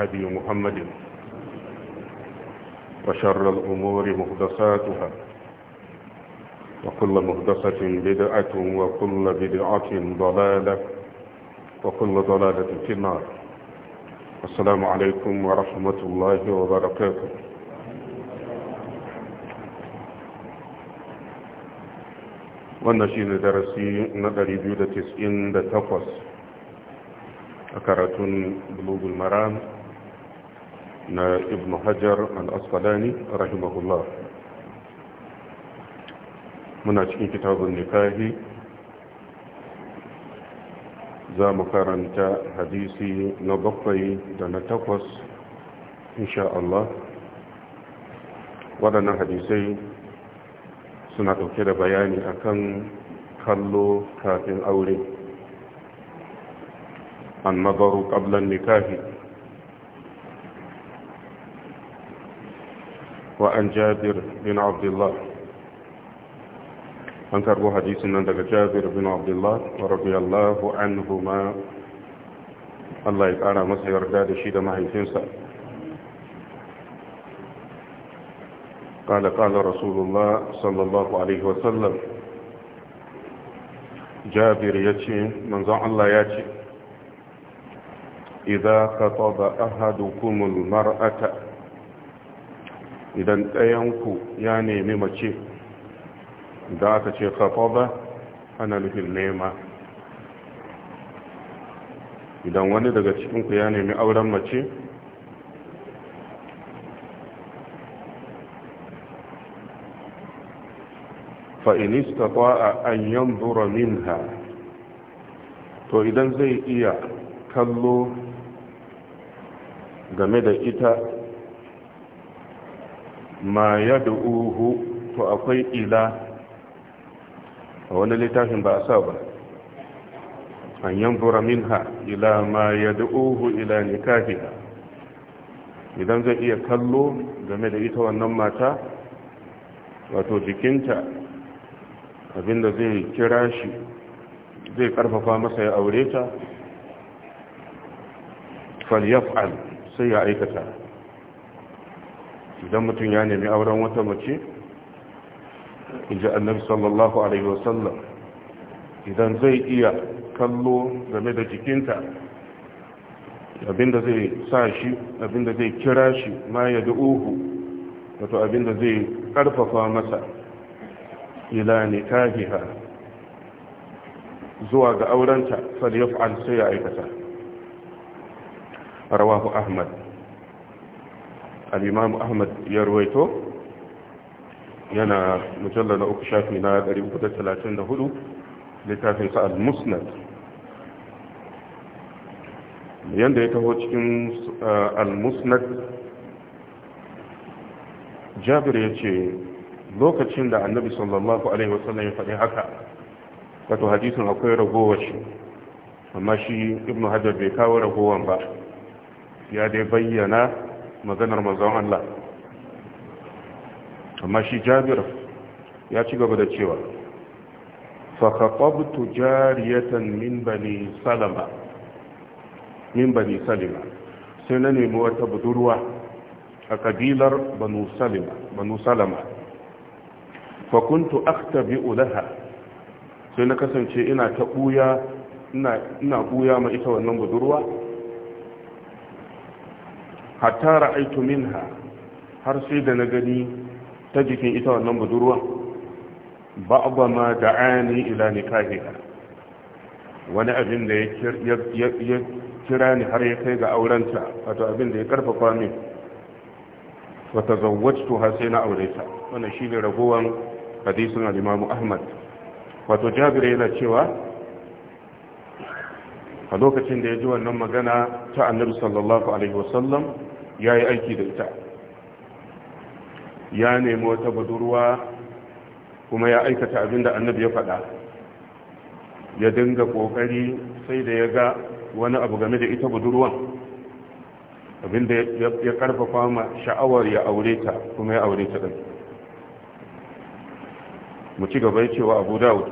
هدي محمد وشر الأمور مهدساتها وكل مهدسة بدعة وكل بدعة ضلالة وكل ضلالة في النار السلام عليكم ورحمة الله وبركاته ونشيل درسي نظري darasi na 298 a بلوغ المرام na ibn hajar al-asqalani rahimahullah muna cikin kitabun nikahi za mu karanta hadisi na bakwai da na takwas insha Allah waɗannan hadisai suna ɗauke da bayani akan kallo kafin aure an mabaru ƙablan nikahi وعن جابر بن عبد الله عن بو حديث من جابر بن عبد الله رضي الله عنهما الله يبقى مسح يرداد شيد ما يفنسى قال قال رسول الله صلى الله عليه وسلم جابر يتي من زعم الله يتي إذا خطب أحدكم المرأة idan ɗayanku ya nemi mace da aka ce ba ana nufin nema idan wani daga cikinku ya nemi auren mace fa'in a an yanzura minha to idan zai iya kallo game da ita ma ya uhu to akwai ila a wani littafin ba a sa ba an min ha. ila ma ya uhu ila nikahiha idan zai iya kallo game da ita wannan mata wato jikinta abinda zai kira shi zai karfafa masa ya aure ta falyaf'al sai ya aikata idan mutum ya nemi auren wata mace inji annabi sallallahu alaihi wasallam idan zai iya kallo game da jikinta abinda zai sa shi abinda zai kira shi ma ya da uhu wato abinda zai karfafa masa ila nikahiha zuwa ga aurenta falyaf'al sai ya aikata rawahu ahmad al'imamu ahmad ya ruwaito yana mujallar na uku shafi na 334 sa al-musnad yadda ya taho cikin uh, al-musnad jabir ya ce lokacin da annabi sallallahu alaihi wasallam ya faɗi haka wato hadisin akwai ragowar shi amma shi ibn hajar bai kawo ragowar ba ya dai bayyana maganar mazan Allah amma shi jabir ya ci gaba da cewa fakakwabtu jariyatan min bani salima sai na nemi wata budurwa a kabilar banu salama fakuntu akta bi ulaha sai na kasance ina ta ina buya ma ita wannan budurwa hatta ra'aitu minha har sai da na gani ta jikin ita wannan budurwa ba'da ma da'ani ila nikahiha wani abin da ya kira ni har ya kai ga aurenta wato abin da ya karfafa min wa tazawwajtu har sai na aure ta wannan shine ragowan hadisin al-Imam Ahmad wato Jabir yana cewa a lokacin da ya ji wannan magana ta Annabi sallallahu alaihi wasallam ya yi aiki da ita ya nemi wata budurwa kuma ya aikata abin da annabi ya faɗa ya dinga ƙoƙari sai da ya ga wani abu game da ita budurwan abin da ya ƙarfafa ma sha'awar ya aure ta kuma ya aure ta ɗan mu ci gaba cewa abu dawud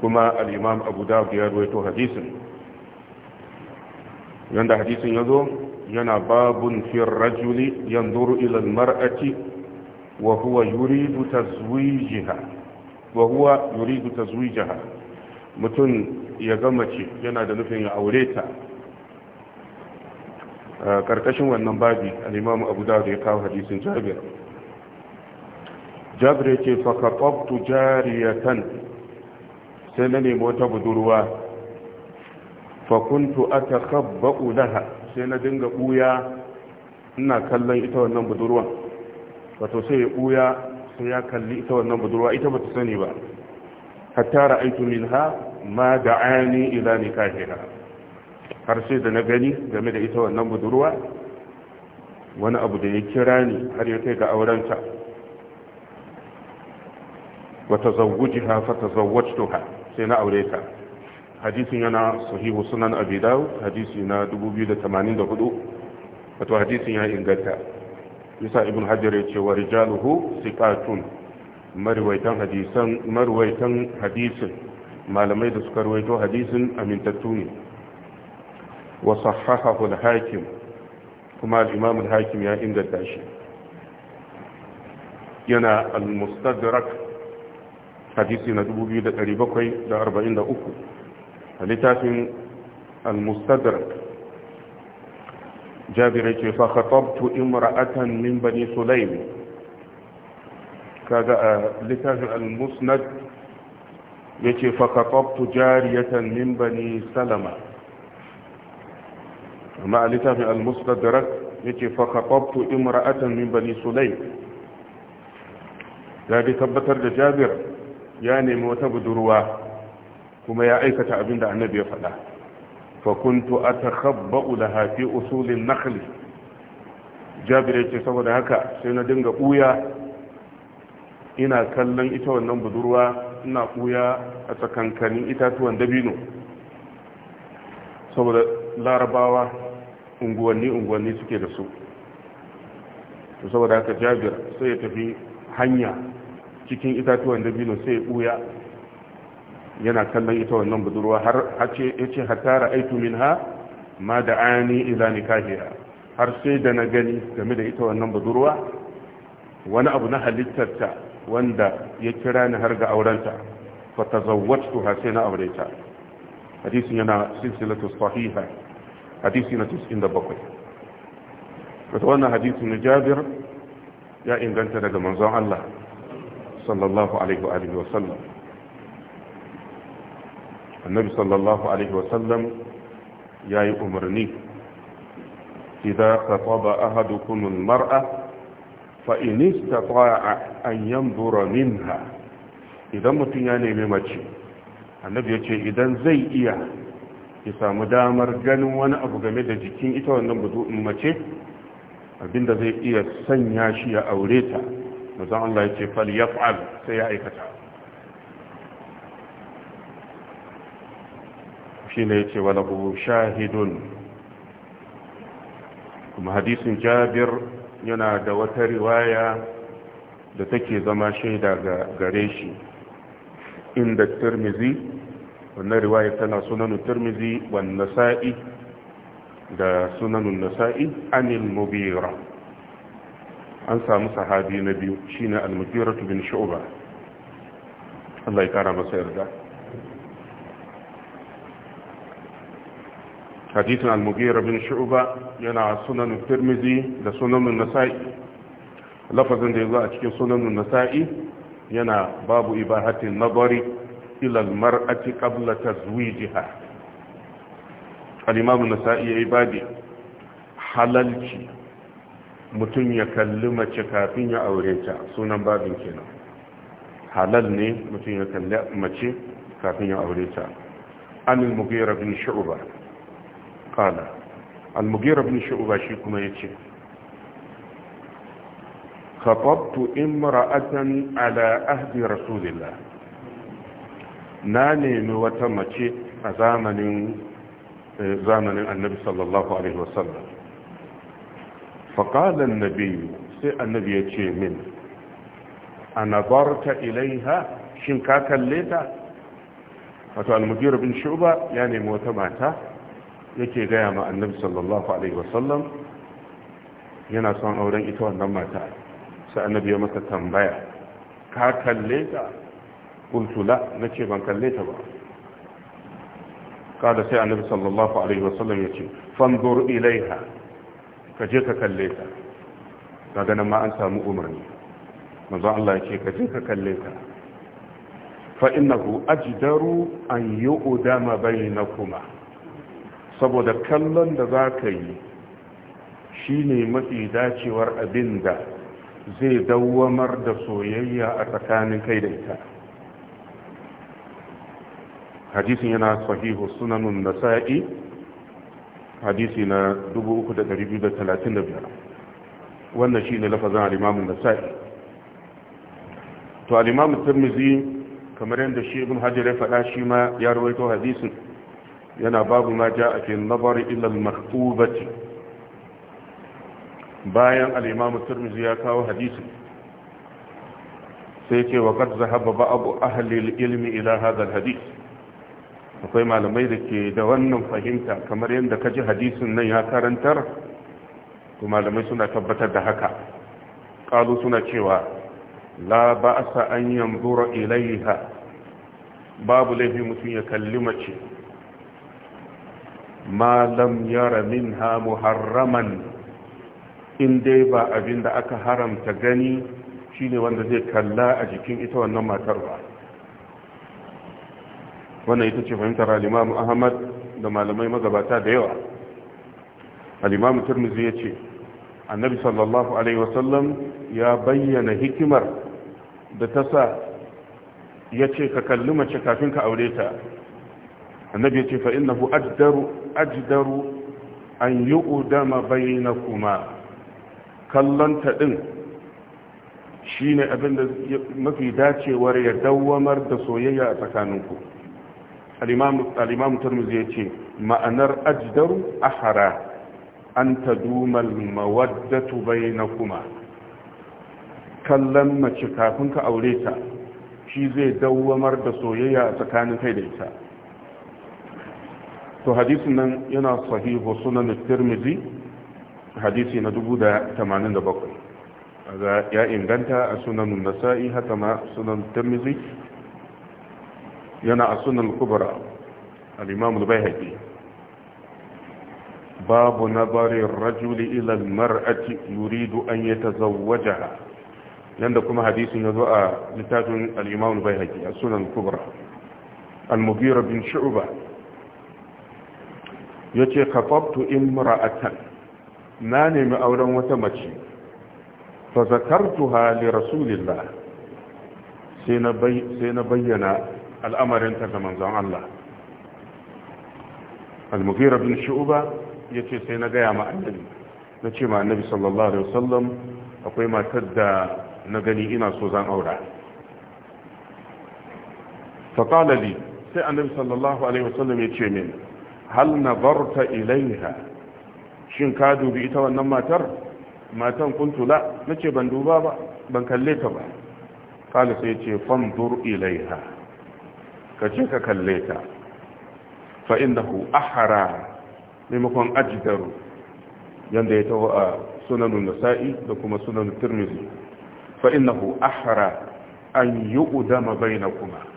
kuma al'imam abu dawud ya ruwaito hadisin yadda hadisin ya zo yana babun fi rajuli yanzuru ila almar'ati wa huwa yuridu tazwijaha wa huwa yuridu tazwijaha mutum ya ga mace yana da nufin ya aure ta karkashin wannan babi al-imam abu dawud ya kawo hadisin jabir jabir yake fa qatabtu jariyatan sai na nemi wata budurwa fa kuntu atakhabba'u laha sai na dinga buya ina kallon ita wannan budurwa wato sai ya buya sai ya kalli ita wannan budurwa ita ba ta sani ba hatta ra'aytu minha ma da'ani ila nikahiha har sai da na gani game da ita wannan budurwa wani abu da ya kira ni har ya kai ga aurenta wa zawujiha fa tazawwajtuha sai na aure ta hadisin yana sahihu sunan abi dawud hadisi na 2084 wato hadisin ya inganta yasa ibn hajar yace wa rijaluhu siqatun marwaitan hadisan marwaitan hadisin malamai da suka rawaito hadisin amintattu ne wa sahahahu al-hakim kuma al-imam al-hakim ya inganta shi yana al-mustadrak hadisi na 2743 لتاتي المستدرك جابر فخطبت امرأة من بني سليم كذا آه، لتاج المسند يتي فخطبت جارية من بني سلمة مع لتاج المستدرك يتي فخطبت امرأة من بني سليم لا بتبتر جابر يعني متبدر رواه kuma ya aikata abin da annabi ya faɗa fakuntu a takhabba'u da hafi usulin nakali. jabir ce saboda haka sai na dinga ɓuya ina kallon ita wannan budurwa ina ɓuya a tsakankanin itatuwan dabino saboda larabawa unguwanni-unguwanni suke da su saboda haka jabir sai ya tafi hanya cikin itatuwan dabino sai ya ɓuya yana kallon ita wannan budurwa har hace yace hatara ra'aitu minha ma da'ani idza nikahiha har sai da na gani game da ita wannan budurwa wani abu na halittarta wanda ya kira ni har ga aurenta fa tazawwajtuha sai na aureta hadisi yana silsilatu sahiha hadisi na 97 wata wannan hadisi na Jabir ya inganta daga manzon Allah sallallahu alaihi wa alihi wa sallam annabi sallallahu alaihi wasallam ya yi umarni idan ka taba ahadukumun mar'a fa'inis ta a an yambura ha, idan mutum ya nemi mace annabi ya ce idan zai iya ya samu damar ganin wani abu game da jikin ita wannan budu'in mace abinda zai iya sanya shi ya aure ta mazan Allah ya ce fal yaf'al sai ya aikata ce yace walahu shahidun kuma hadisin jabir yana da wata riwaya da take zama shaida ga gare shi inda turmizi, wannan riwaya tana sunanin turmizi, wan nasa'i da sunanin nasa'i anil mubira an samu sahabi na biyu shine al-mubira bin shu'ba Allah ya kara masa yarda hadisin al-mughira bin shu'ba yana sunan tirmidhi da sunan nasa'i lafazin da yazo a cikin sunan nasa'i yana babu ibahatin nadari ila al-mar'ati qabla tazwijiha al-imam nasai ya ibadi halalci mutum ya kalli mace kafin ya aure ta sunan babin kenan halal ne mutum ya kalli mace kafin ya aure ta an al-mughira bin shu'ba kala al-mugira bin shi kuma yace khatabtu in ala ahdi rasulillah na nemi mu wata mace a zamanin annabi sallallahu alaihi wasallam nabi sai annabi yace min anabarta ilaiha shin ka kalle ta wato al-mujir bin shu'ba ya nemi wata mata yake gaya ma annabi sallallahu alaihi wasallam yana son auren ita wannan mata sai annabi ya masa tambaya ka kalle ta kuntu la nace ban kalle ta ba kada sai annabi sallallahu alaihi wasallam ya ce fanzur ilaiha ka je ka kalle ta daga nan ma an samu umarni manzo Allah ya ce ka je ka kalle ta fa innahu ajdaru an yu'dama bainakuma saboda kallon da za ka yi shi ne mafi dacewar abin da zai dawamar da soyayya a tsakanin kai da ita hadisin yana sahihu sunanun sa'i hadisi na 3,235 wannan shi ne lafazan alimamin sa'i to alimamin turmizi kamar yadda shi ibn hajjar ya faɗa shi ma ya rawaito hadisin yana babu ma ja a fi nabar ilal al bayan al-imam ya kawo hadisi sai ce wa kad zahaba ba'd ahli al-ilmi ila hadha al akwai malamai da ke da wannan fahimta kamar yadda kaji hadisin nan ya karantar to malamai suna tabbatar da haka qalu suna cewa la ba'sa an yanzura ilaiha babu laifi mutum ya kalli mace ma lam yara minha muharraman in dai ba abin da aka haramta gani shine wanda zai kalla a jikin ita wannan matar ba wannan ita ce fahimtar alimamu ahmad da malamai magabata da yawa alimamu turmizi ya ce annabi sallallahu alaihi wasallam ya bayyana hikimar da ta sa ya ce ka kalli mace kafin ka aure ta annabi ya ce fa innahu ajdaru ajdaru an yuqdama bainakuma kallon ta din shine abin da mafi dacewar ya dawwamar da soyayya a tsakaninku al-imam al-imam turmizi yace ma'anar ajdaru ahara an taduma al-mawaddatu bainakuma kallon mace kafin ka aure ta shi zai dawwamar da soyayya a tsakanin kai da ita to hadisin nan yana sahihu sunan tirmizi hadisi na 1087 ya inganta a sunan nasa'i haka ma sunan tirmizi yana a sunan kubra al-imam al-baihaqi babu nazarin rajuli ila al-mar'ati yuridu an yatazawwajaha yanda kuma hadisin yazo a littafin al-imam al-baihaqi a sunan kubra al-mughira bin shu'bah ya ce kafaftu imra'atan na nemi auren wata mace fa zakartuha li rasulillah sai na bayyana al'amarin ta ga manzon Allah al-mughira bin shu'ba ce sai na gaya ma annabi na ce ma annabi sallallahu alaihi wasallam akwai matar da na gani ina so zan aura fa qala li sai annabi sallallahu alaihi wasallam ce min hal nazarta ilaiha shin ka dubi ita wannan matar matan kuntula nace ban duba ba ban kalle ta ba kala sai ce fanzur ilaiha ka ce ka kalle ta fa innahu ahara maimakon ajdaru yanda ya taho a sunanun nasa'i da kuma sunanun tirmidhi fa innahu ahara an yu'dama bainakuma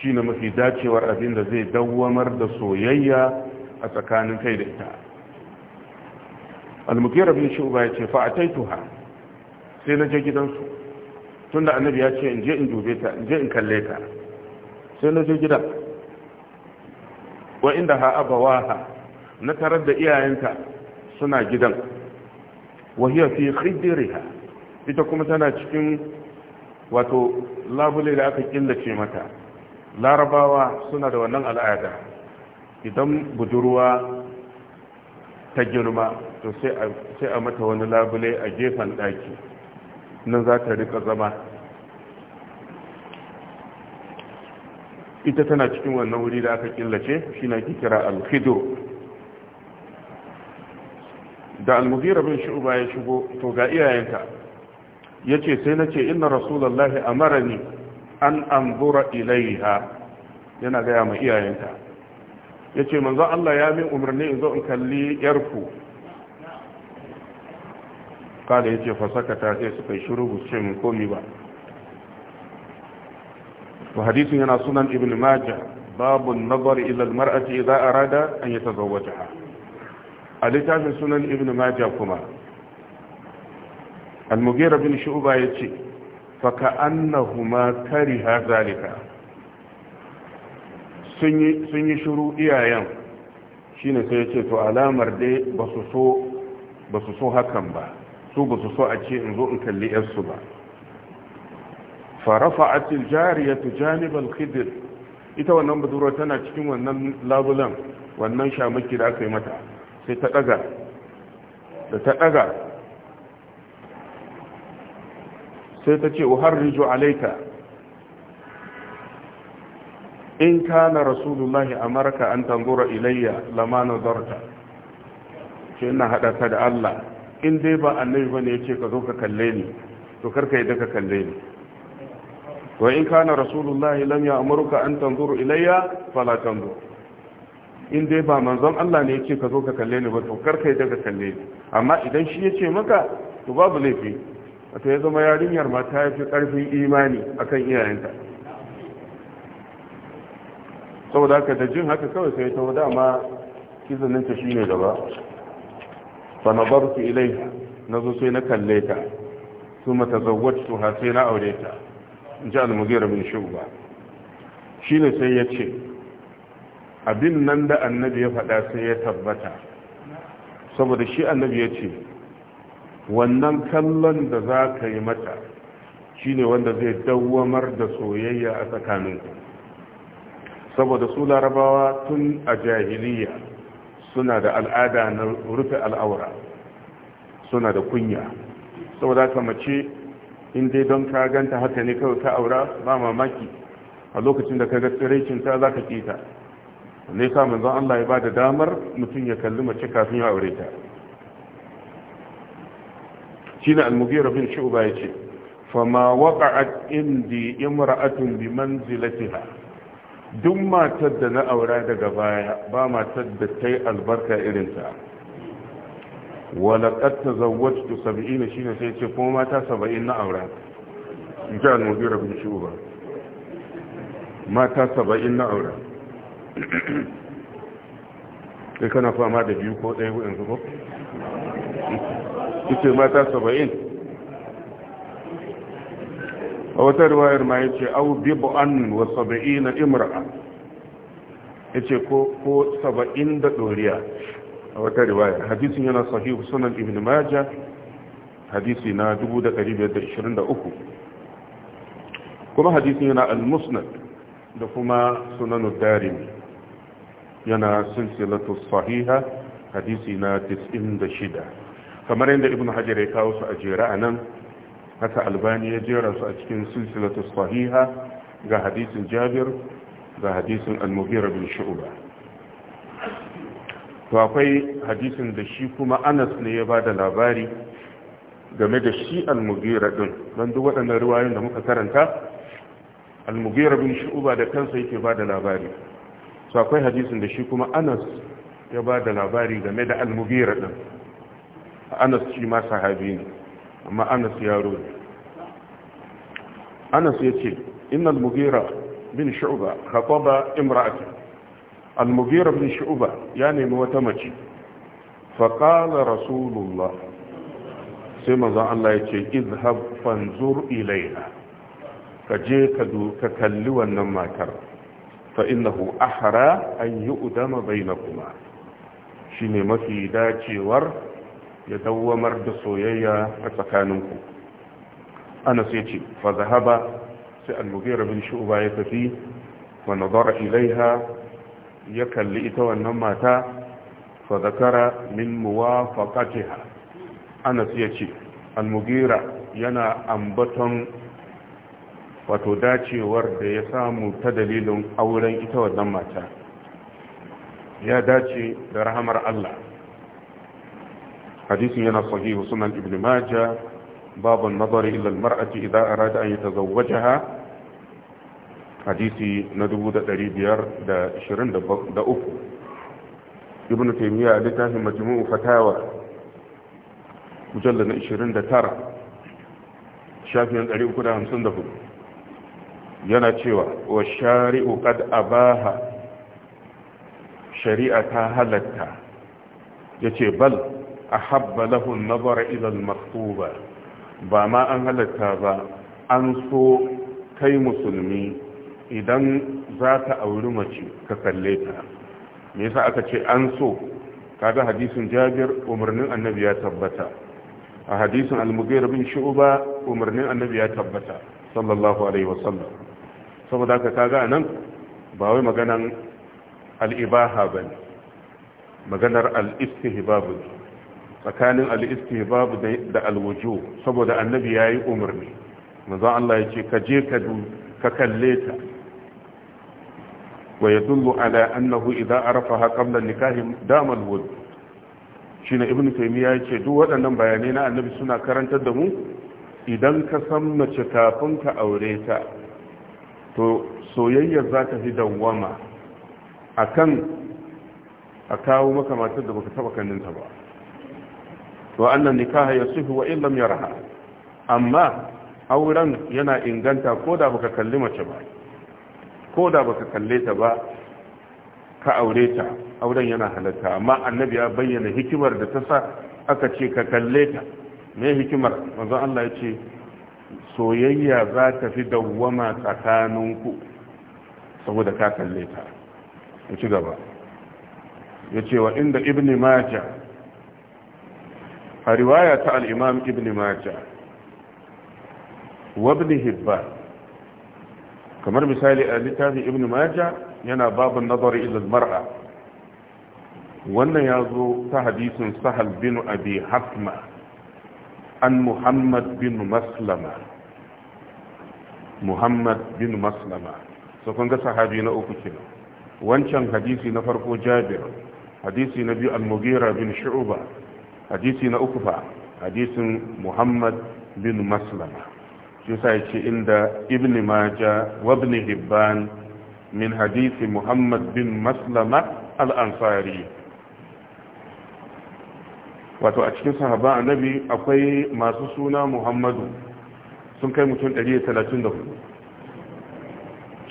shine mafi dacewar abin da zai dawwamar da soyayya a tsakanin kai da ita al-mughira bin ya yace fa ataituha sai na je gidansu tunda annabi ya ce in je in dube ta in je in kalle ta sai na je gidan wa ha na tarar da iyayenta suna gidan wa hiya fi khidriha ita kuma tana cikin wato labule da aka killace mata larabawa suna da wannan al'ada idan budurwa ta girma to sai a mata wani labule a gefen ɗaki nan za ta rika zama ita tana cikin wannan wuri da aka killace shi na kira alhido da almugira bin shi'uba ya shigo to ga iyayenta ya ce sai na ce ina rasulallah a marani an anzura ilaiha yana gaya ma iyayenta ya ce manzo Allah ya min umarni in zo in kalli yarku kada ya ce fasakata sai suka yi shuru ce min komi ba wa hadisin yana sunan ibn majah babu nazar ila almar'ati idza arada an yatazawwajaha a littafin sunan ibn majah kuma al-mughira bin shu'ba yace faka annahuma kariha sun yi shiru iyayen shine sai ya ce to alamar dai ba su so hakan ba su ba su so a ce in zo in kalli yarsu ba فرفعت الجارية جانب الخدر ita wannan budurwa tana cikin wannan labulan wannan shamaki da aka yi mata sai ta daga da ta daga sai ta ce uharriju alaika in kana rasulullahi amarka an tanzura ilayya lama nazarta ce ina hada ta da Allah in dai ba annabi bane yace ka zo ka kalle ni to karka yi daga kalle ni wa in kana rasulullahi lam ya'muruka an tanzura ilayya fala tanzur in dai ba manzon Allah ne yace ka zo ka kalle ni ba to karka yi daga kalle ni amma idan shi yace maka to babu laifi wato ya zama yarinyar ma ta fi karfin imani akan iyayenta saboda haka da jin haka kawai sai ta wada ma kizaninta shi ne gaba fa na barku ilai na zo sai na kalle ta su mata zawwatu ha sai na aure ta in ji almugira bin shuba shi ne sai ya ce abin nan da annabi ya faɗa sai ya tabbata saboda shi annabi ya ce wannan kallon da za ka yi mata shi ne wanda zai dawwamar da soyayya a tsakaninku saboda su larabawa tun a jahiliya suna da al'ada na rufe al'aura suna da kunya saboda ka mace in dai don ka ganta haka ne kawai ka aura ba mamaki a lokacin da ka ga tsiraicinta za ka kita ne sa manzon Allah ya ba da damar mutum ya kalli mace kafin ya aure ta shine al-mughira bin shu'ba yace fama waqa'at indi imra'atun bi manzilatiha duk matar da na aura daga baya ba matar da ta yi albarka irinta walaƙar ta zawwatu saba'ina shi ne sai ce kuma mata saba'in na aura jan mubira bin shuba mata saba'in na aura sai kana fama da biyu ko ɗaya yanzu zubo yace mata saba'in a wata riwayar ma ya yace au bib'an wa saba'i na imra'a ya ce ko saba'in da doriya a wata riwaya hadisin yana sahihu sunan ibn majah hadisi na 1523 kuma hadisin yana al-musnad da kuma sunan darimi yana silsilatu sahiha hadisi na 96 kamar yadda ibn hajar ya kawo su a jera a nan haka albani ya jera su a cikin silsilatu sahiha ga hadisin jabir ga hadisin al-mughira bin shu'ba to akwai hadisin da shi kuma Anas ne ya bada labari game da shi al-mughira din dan duk waɗannan riwayoyin da muka karanta al-mughira bin shu'ba da kansa yake bada labari to akwai hadisin da shi kuma Anas ya bada labari game da al-mughira din anas shi ma sahabi ne amma anas yaro ne anas ya ce innal mugira bin shu'ba khataba imra'atan al mugira bin shu'uba ya nemi wata mace fa qala rasulullah sai manzon Allah ya ce izhab fanzur ilayha ka je ka kalli wannan matar fa innahu ahra an yu'dama bainakuma shine mafi dacewar ya dawwamar da soyayya a tsakaninku ana sai ce fa zahaba sai al-mughira bin shu'ba ya tafi wa nazara ilaiha ya kalli ita wannan mata fa zakara min muwafaqatiha ana sai ce al-mughira yana ambaton wato dacewar da ya samu ta dalilin auren ita wannan mata ya dace da rahamar Allah hadisin yana sahihu sunan ibn majah babu nazari ila almar'ati idza arada an yatazawwajaha hadisi na 1523 ibn taymiya a littafin majmu'u fatawa mujallal na 29 shafin 354 yana cewa wa shari'u qad abaha shari'a ta halatta yace bal ahabba lahu an-nazar ila maktuba ba ma an halatta ba an so kai musulmi idan za ta auri mace ka kalle ta me yasa aka ce an so kaga hadisin Jabir umarnin annabi ya tabbata a hadisin al bin shu'ba umarnin annabi ya tabbata sallallahu alaihi wasallam saboda haka kaga anan ba wai maganan al-ibaha bane maganar al-istihbab ne tsakanin al babu da al saboda annabi yayi umarni manzo Allah ce ka je ka du ka kalle ta wa yadullu ala annahu idza arafaha da an-nikah dama al-wud Ibn ibnu ya ce, duk waɗannan bayanai na annabi suna karantar da mu idan ka san mace kafin ka aure ta to soyayyar za ka fi dawwama akan a kawo maka matar da baka taɓa kanninta ba To annan nikaha yasihu wa illam raha. amma auren yana inganta koda baka kalli mace ba koda baka kalle ta ba ka aure ta auren yana halatta amma annabi ya bayyana hikimar da ta sa aka ce ka kalle ta me hikimar manzon Allah ya ce soyayya za ta fi dawwama tsakaninku saboda ka kalle ta ya ci gaba ya ce wa inda ibn majah a riwaya ta al'imam ibn maja wabni hibban kamar misali a littafin ibn maja yana babin nazar ilil mar'a wannan ya zo ta hadisin sahal bin abi hasma an muhammad bin maslama muhammad bin maslama so kun ga sahabi na uku kina. wancan hadisi na farko jabir hadisi na biyu al-mughira bin Shu'uba. hadisi na uku fa hadisin muhammad bin maslama shi sa ce inda ibn maja wa ibn hibban min hadisi muhammad bin maslama al-ansari wato a cikin sahaba annabi akwai masu suna muhammadu sun kai mutum 134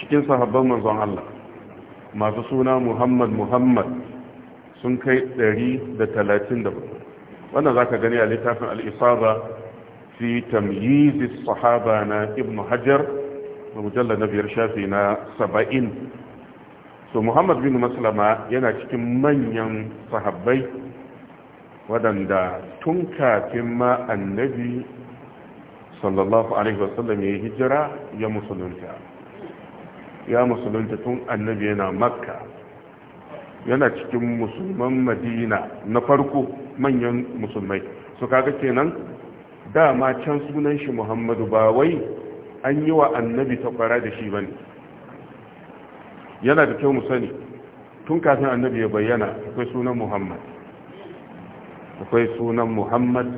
cikin sahabban manzon Allah masu suna muhammad muhammad sun kai 134 wannan ka gani a littafin al si fi tamyiz sahaba na ibn hajar mujallad na biyar shafi na saba'in. so muhammad bin maslama yana cikin manyan sahabbai waɗanda tun kafin ma annabi sallallahu alaihi wasallam ya yi hijira ya musulunta ya musulunta tun annabi yana makka yana cikin musulman madina na farko manyan musulmai su kaga kenan dama can sunan shi muhammadu ba wai an yi wa annabi takwara da shi ba ne yana da kyau mu sani tun kafin annabi ya bayyana akwai sunan muhammad akwai sunan muhammad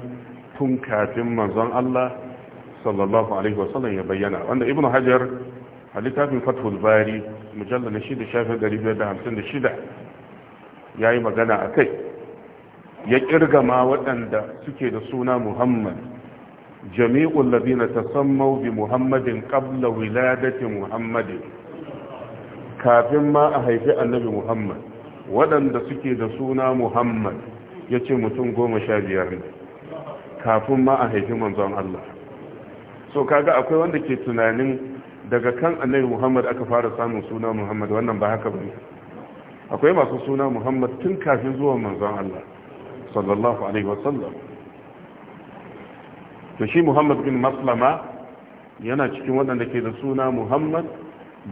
tun kafin manzon allah sallallahu alaihi wasallam ya bayyana wanda ibn hajar a littafin fathul bari mujallar na shida shafin 556 ya yi magana a kai ya kirga ma waɗanda suke da suna muhammad jami'ul ladina tasammau bi muhammadin qabla wiladati muhammadin kafin ma a haifi annabi muhammad waɗanda suke da suna muhammad ya ce mutum goma sha biyar ne kafin ma a haifi manzon allah so kaga akwai wanda ke tunanin daga kan annabi muhammad aka fara samun suna muhammad wannan ba haka ba ne akwai masu suna muhammad tun kafin zuwan manzon allah sallallahu alaihi wasallam to shi muhammad bin maslama yana cikin waɗanda ke da suna muhammad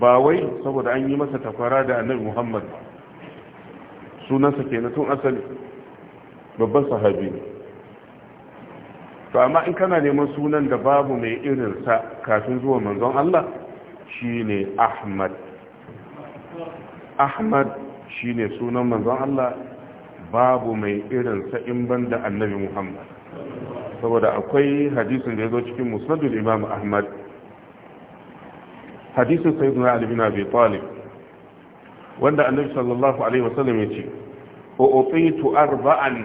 ba wai saboda an yi masa takwara da annabi muhammad sunansa ke na tun asali babban sahabi ne to amma in kana neman sunan da babu mai irinsa kafin zuwa manzon Allah ne Ahmad Ahmad shine sunan manzon Allah babu mai irin sa'in in banda annabi muhammad saboda akwai hadisin da ya zo cikin musnadul imam ahmad hadisin sayyiduna ali bin abi talib wanda annabi sallallahu alaihi wasallam ya ce u'titu arba'an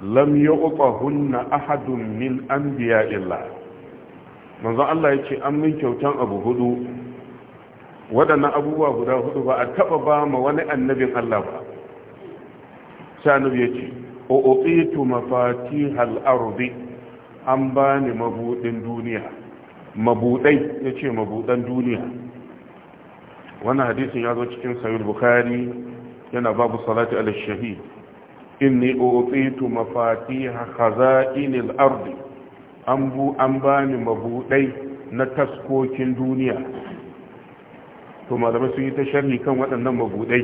lam yu'tahunna ahadun min illa. manzo Allah ya ce an min kyautan abu hudu waɗannan abubuwa guda hudu ba a taɓa ba ma wani annabin Allah ba sanu ya ce u'titu mafatihal ardi an bani mabudin duniya mabudai duniya Wani hadisin ya zo cikin sahih bukhari yana babu salati ala shahid inni u'titu mafatiha khaza'inil ardi an bu an bani mabudai na taskokin duniya to malamai sun yi ta sharhi kan waɗannan mabuɗai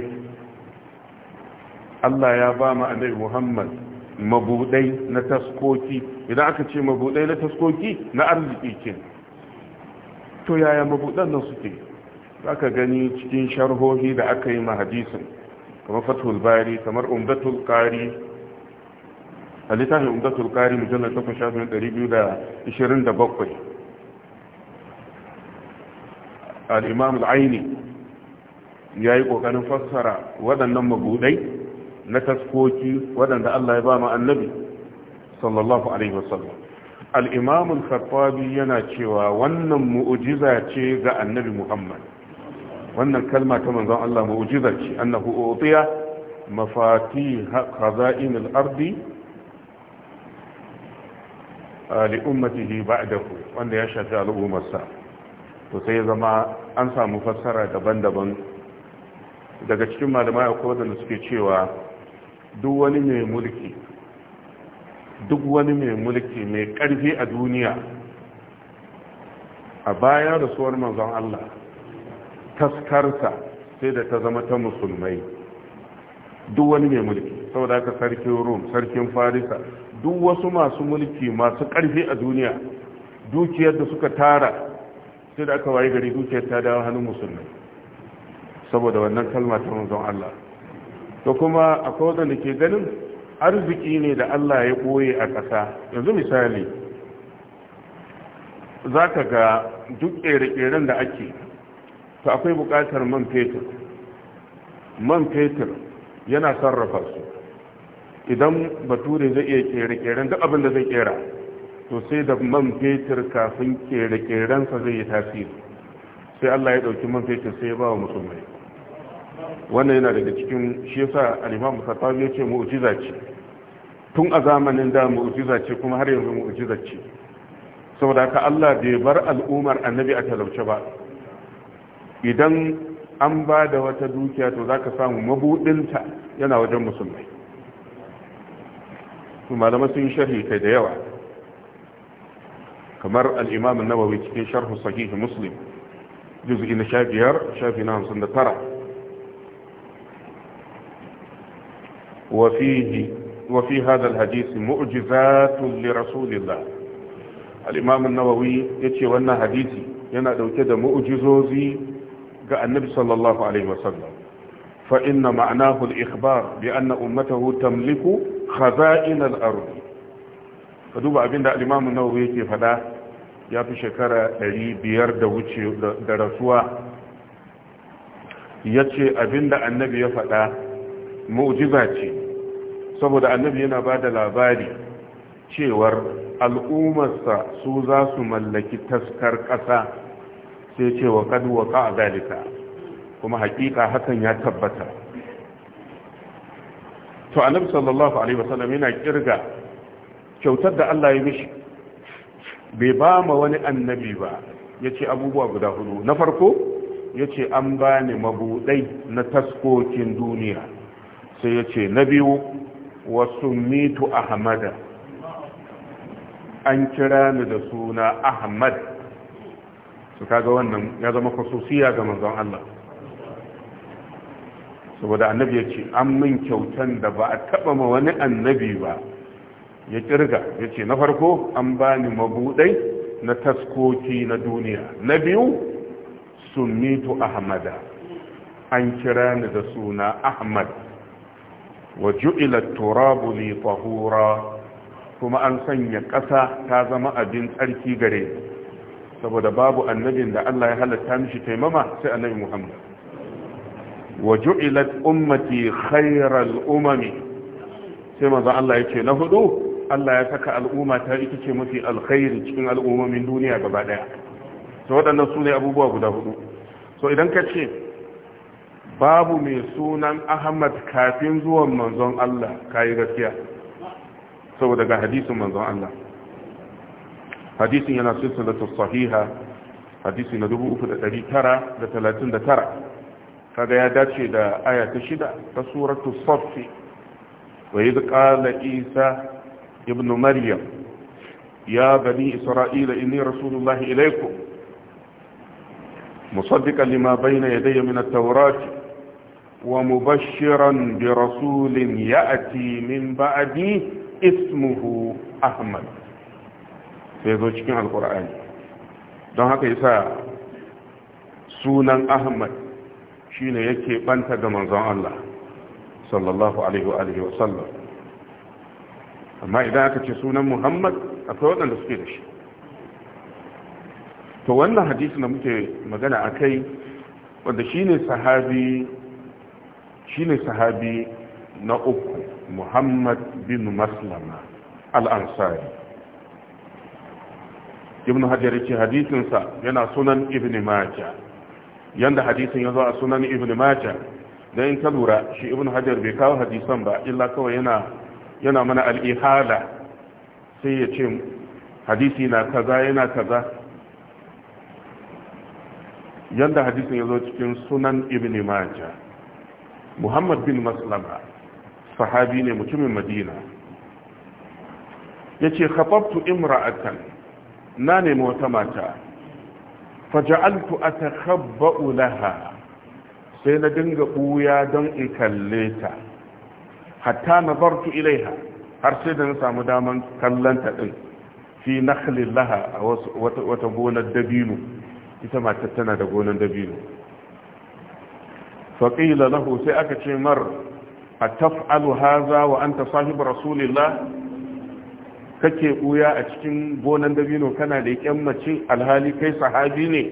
Allah ya ba mu annabi Muhammad mabudai na taskoki idan aka ce mabudai na taskoki na arziki ke to yaya mabudan nan suke zaka gani cikin sharhohi da aka yi ma hadisin kamar fathul bari kamar umdatul qari a littafin umdatul qari mujallal 8227 al-imam al-aini yayi kokarin fassara waɗannan mabudai na taskoki waɗanda Allah ya ba mu annabi sallallahu alaihi wasallam al-imam al-khattabi yana cewa wannan mu'jiza ce ga annabi Muhammad wannan kalma ta manzon Allah mu'jiza ce annahu utiya mafatih khaza'in al-ardi ah, li ummatihi ba'dahu wanda ya shafi sa. to sai zama an samu fassara daban-daban daga cikin malamai akwai wanda suke cewa duk wani mai mulki duk wani mai mulki mai karfi a duniya a bayan rasuwar manzon Allah taskarsa sai da ta zama ta musulmai duk wani mai mulki saboda haka sarkin rum sarkin farisa duk wasu masu mulki masu ƙarfi a duniya dukiyar da suka tara sai da aka waye gari dukiyar ta dawo hannun musulmai saboda wannan kalma ta manzon Allah to kuma akwai waɗanda ke ganin arziki ne da Allah ya ɓoye a ƙasa yanzu misali za ka ga duk ƙere-ƙeren da ake to akwai buƙatar man fetur man fetur yana sarrafa su idan bature zai iya ƙere-ƙeren duk abin da zai ƙera to sai da man fetur kafin ƙere-ƙerensa zai yi tasiri sai Allah ya ɗauki man fetur sai ya ba wa musulmai wannan yana daga cikin shi yasa al-imam khattabi yace mu'jiza ce tun a zamanin da mu'jiza ce kuma har yanzu mu'jiza ce saboda ka Allah bai bar al'umar annabi a talauce ba idan an ba da wata dukiya to zaka samu mabudinta yana wajen musulmai su malama sun sharhi kai da yawa kamar al-imam an-nawawi cikin sharh sahih muslim juz'i na 15 shafi na 59 وفيه وفي هذا الحديث معجزات لرسول الله الإمام النووي يتي وانا حديثي ينا لو كده معجزوزي قال النبي صلى الله عليه وسلم فإن معناه الإخبار بأن أمته تملك خزائن الأرض فدوب أبين دا الإمام النووي يتي فدا ya fi shekara 500 da wuce da rasuwa ya ce abinda annabi ya faɗa mu'jiza ce saboda annabi yana ba da labari cewar al'ummarsa su za su mallaki taskar ƙasa sai cewa kaduwa ka a zalika kuma hakika hakan ya tabbata to annabi sallallahu alaihi wasallam yana kirga kyautar da Allah ya mishi bai ba ma wani annabi ba yace abubuwa guda hudu na farko yace an bani mabudai na taskokin duniya sai yace na biyu wa summitu ahmada an kira ni da suna ahmad su kaga wannan ya zama khususiya ga manzon Allah saboda annabi ya ce an min kyautan da ba a taba ma wani annabi ba ya kirga ya ce na farko an bani mabudai na taskoki na duniya na biyu summitu ahmada an kira ni da suna ahmad wa ju'ila turabu li tahura kuma an sanya ƙasa ta zama abin tsarki gare saboda babu annabin da Allah ya halatta mishi taimama sai annabi Muhammad wa ju'ilat ummati khayral umami sai manzo Allah yace na hudu Allah ya saka al'umma ta ita ce mafi alkhairi cikin al'ummomin duniya gaba daya so waɗannan su ne abubuwa guda hudu so idan ka ce babu mai sunan ahmad kafin zuwan manzon Allah kayi gaskiya saboda ga hadisin manzon Allah hadisin yana da sahiha hadisi na 3939 kaga ya dace da aya ta shida ta suratu safi wa idh qala isa ibn maryam ya bani isra'ila inni rasulullahi ilaykum musaddiqan lima bayna yadayya min at-taurati Wa ومبشرا برسول يأتي من بعدي اسمه أحمد سيزوج cikin القرآن don haka yasa sunan ahmad shine yake banta ga manzon Allah sallallahu alaihi wa alihi wa sallam amma idan aka ce sunan muhammad akwai waɗanda suke da shi to wannan hadisi da muke magana a kai, wanda shine sahabi shine sahabi na uku muhammad bin maslama al-ansari ibn hajar ce hadisinsa yana sunan ibn maja yanda hadisin ya zo a sunan ibn maja don in ta lura shi ibn hajar bai kawo hadisan ba illa kawai yana yana mana al'ihala sai ya ce hadisi na kaza yana kaza yanda hadisin ya zo cikin sunan ibn maja muhammad bin maslama sahabi ne mutumin madina ya ce khatabtu imra'atan na nemi wata mata faja'altu atakhabba'u laha sai na dinga buya don in kalle ta hatta nazartu ilaiha har sai da na samu daman kallon ta din fi nakhlin laha a wata gonar dabino ita matar tana da gonar dabino faƙila lahu sai aka ce mar a taf'alu haza wa an ta rasulillah kake ɓuya a cikin gonan dabino kana da yaƙen mace alhali kai sahabi ne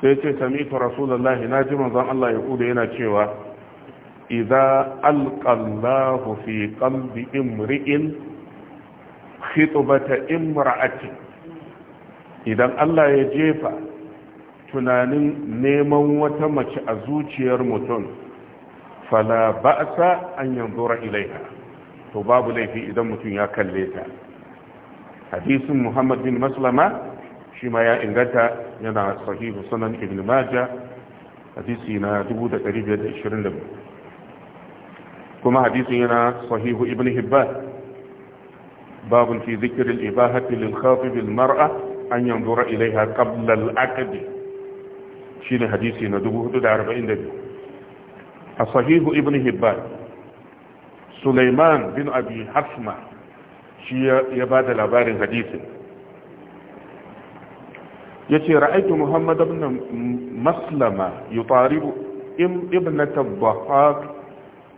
sai ce sami ta rasulallah na ji manzon Allah ya ƙuda yana cewa idza alqallahu fi qalbi imri'in khitbata imra'ati idan Allah ya jefa tunanin neman wata mace a zuciyar mutum fala ba'sa an yanzura ilaiha to babu laifi idan mutum ya kalle ta hadisin muhammad bin maslama shi ma ya inganta yana sahihu sunan ibn majah hadisi na 1522 kuma hadisin yana sahihu ibn hibban babun fi zikr al-ibahati lil mara an yanzura ilaiha qabla al شين حديثي ندبو حدود عربعين دبو الصحيح ابن هبان سليمان بن أبي حسمة شي يباد الأبار حديثي يتي رأيت محمد بن مسلمة يطارب ام ابنة الضحاك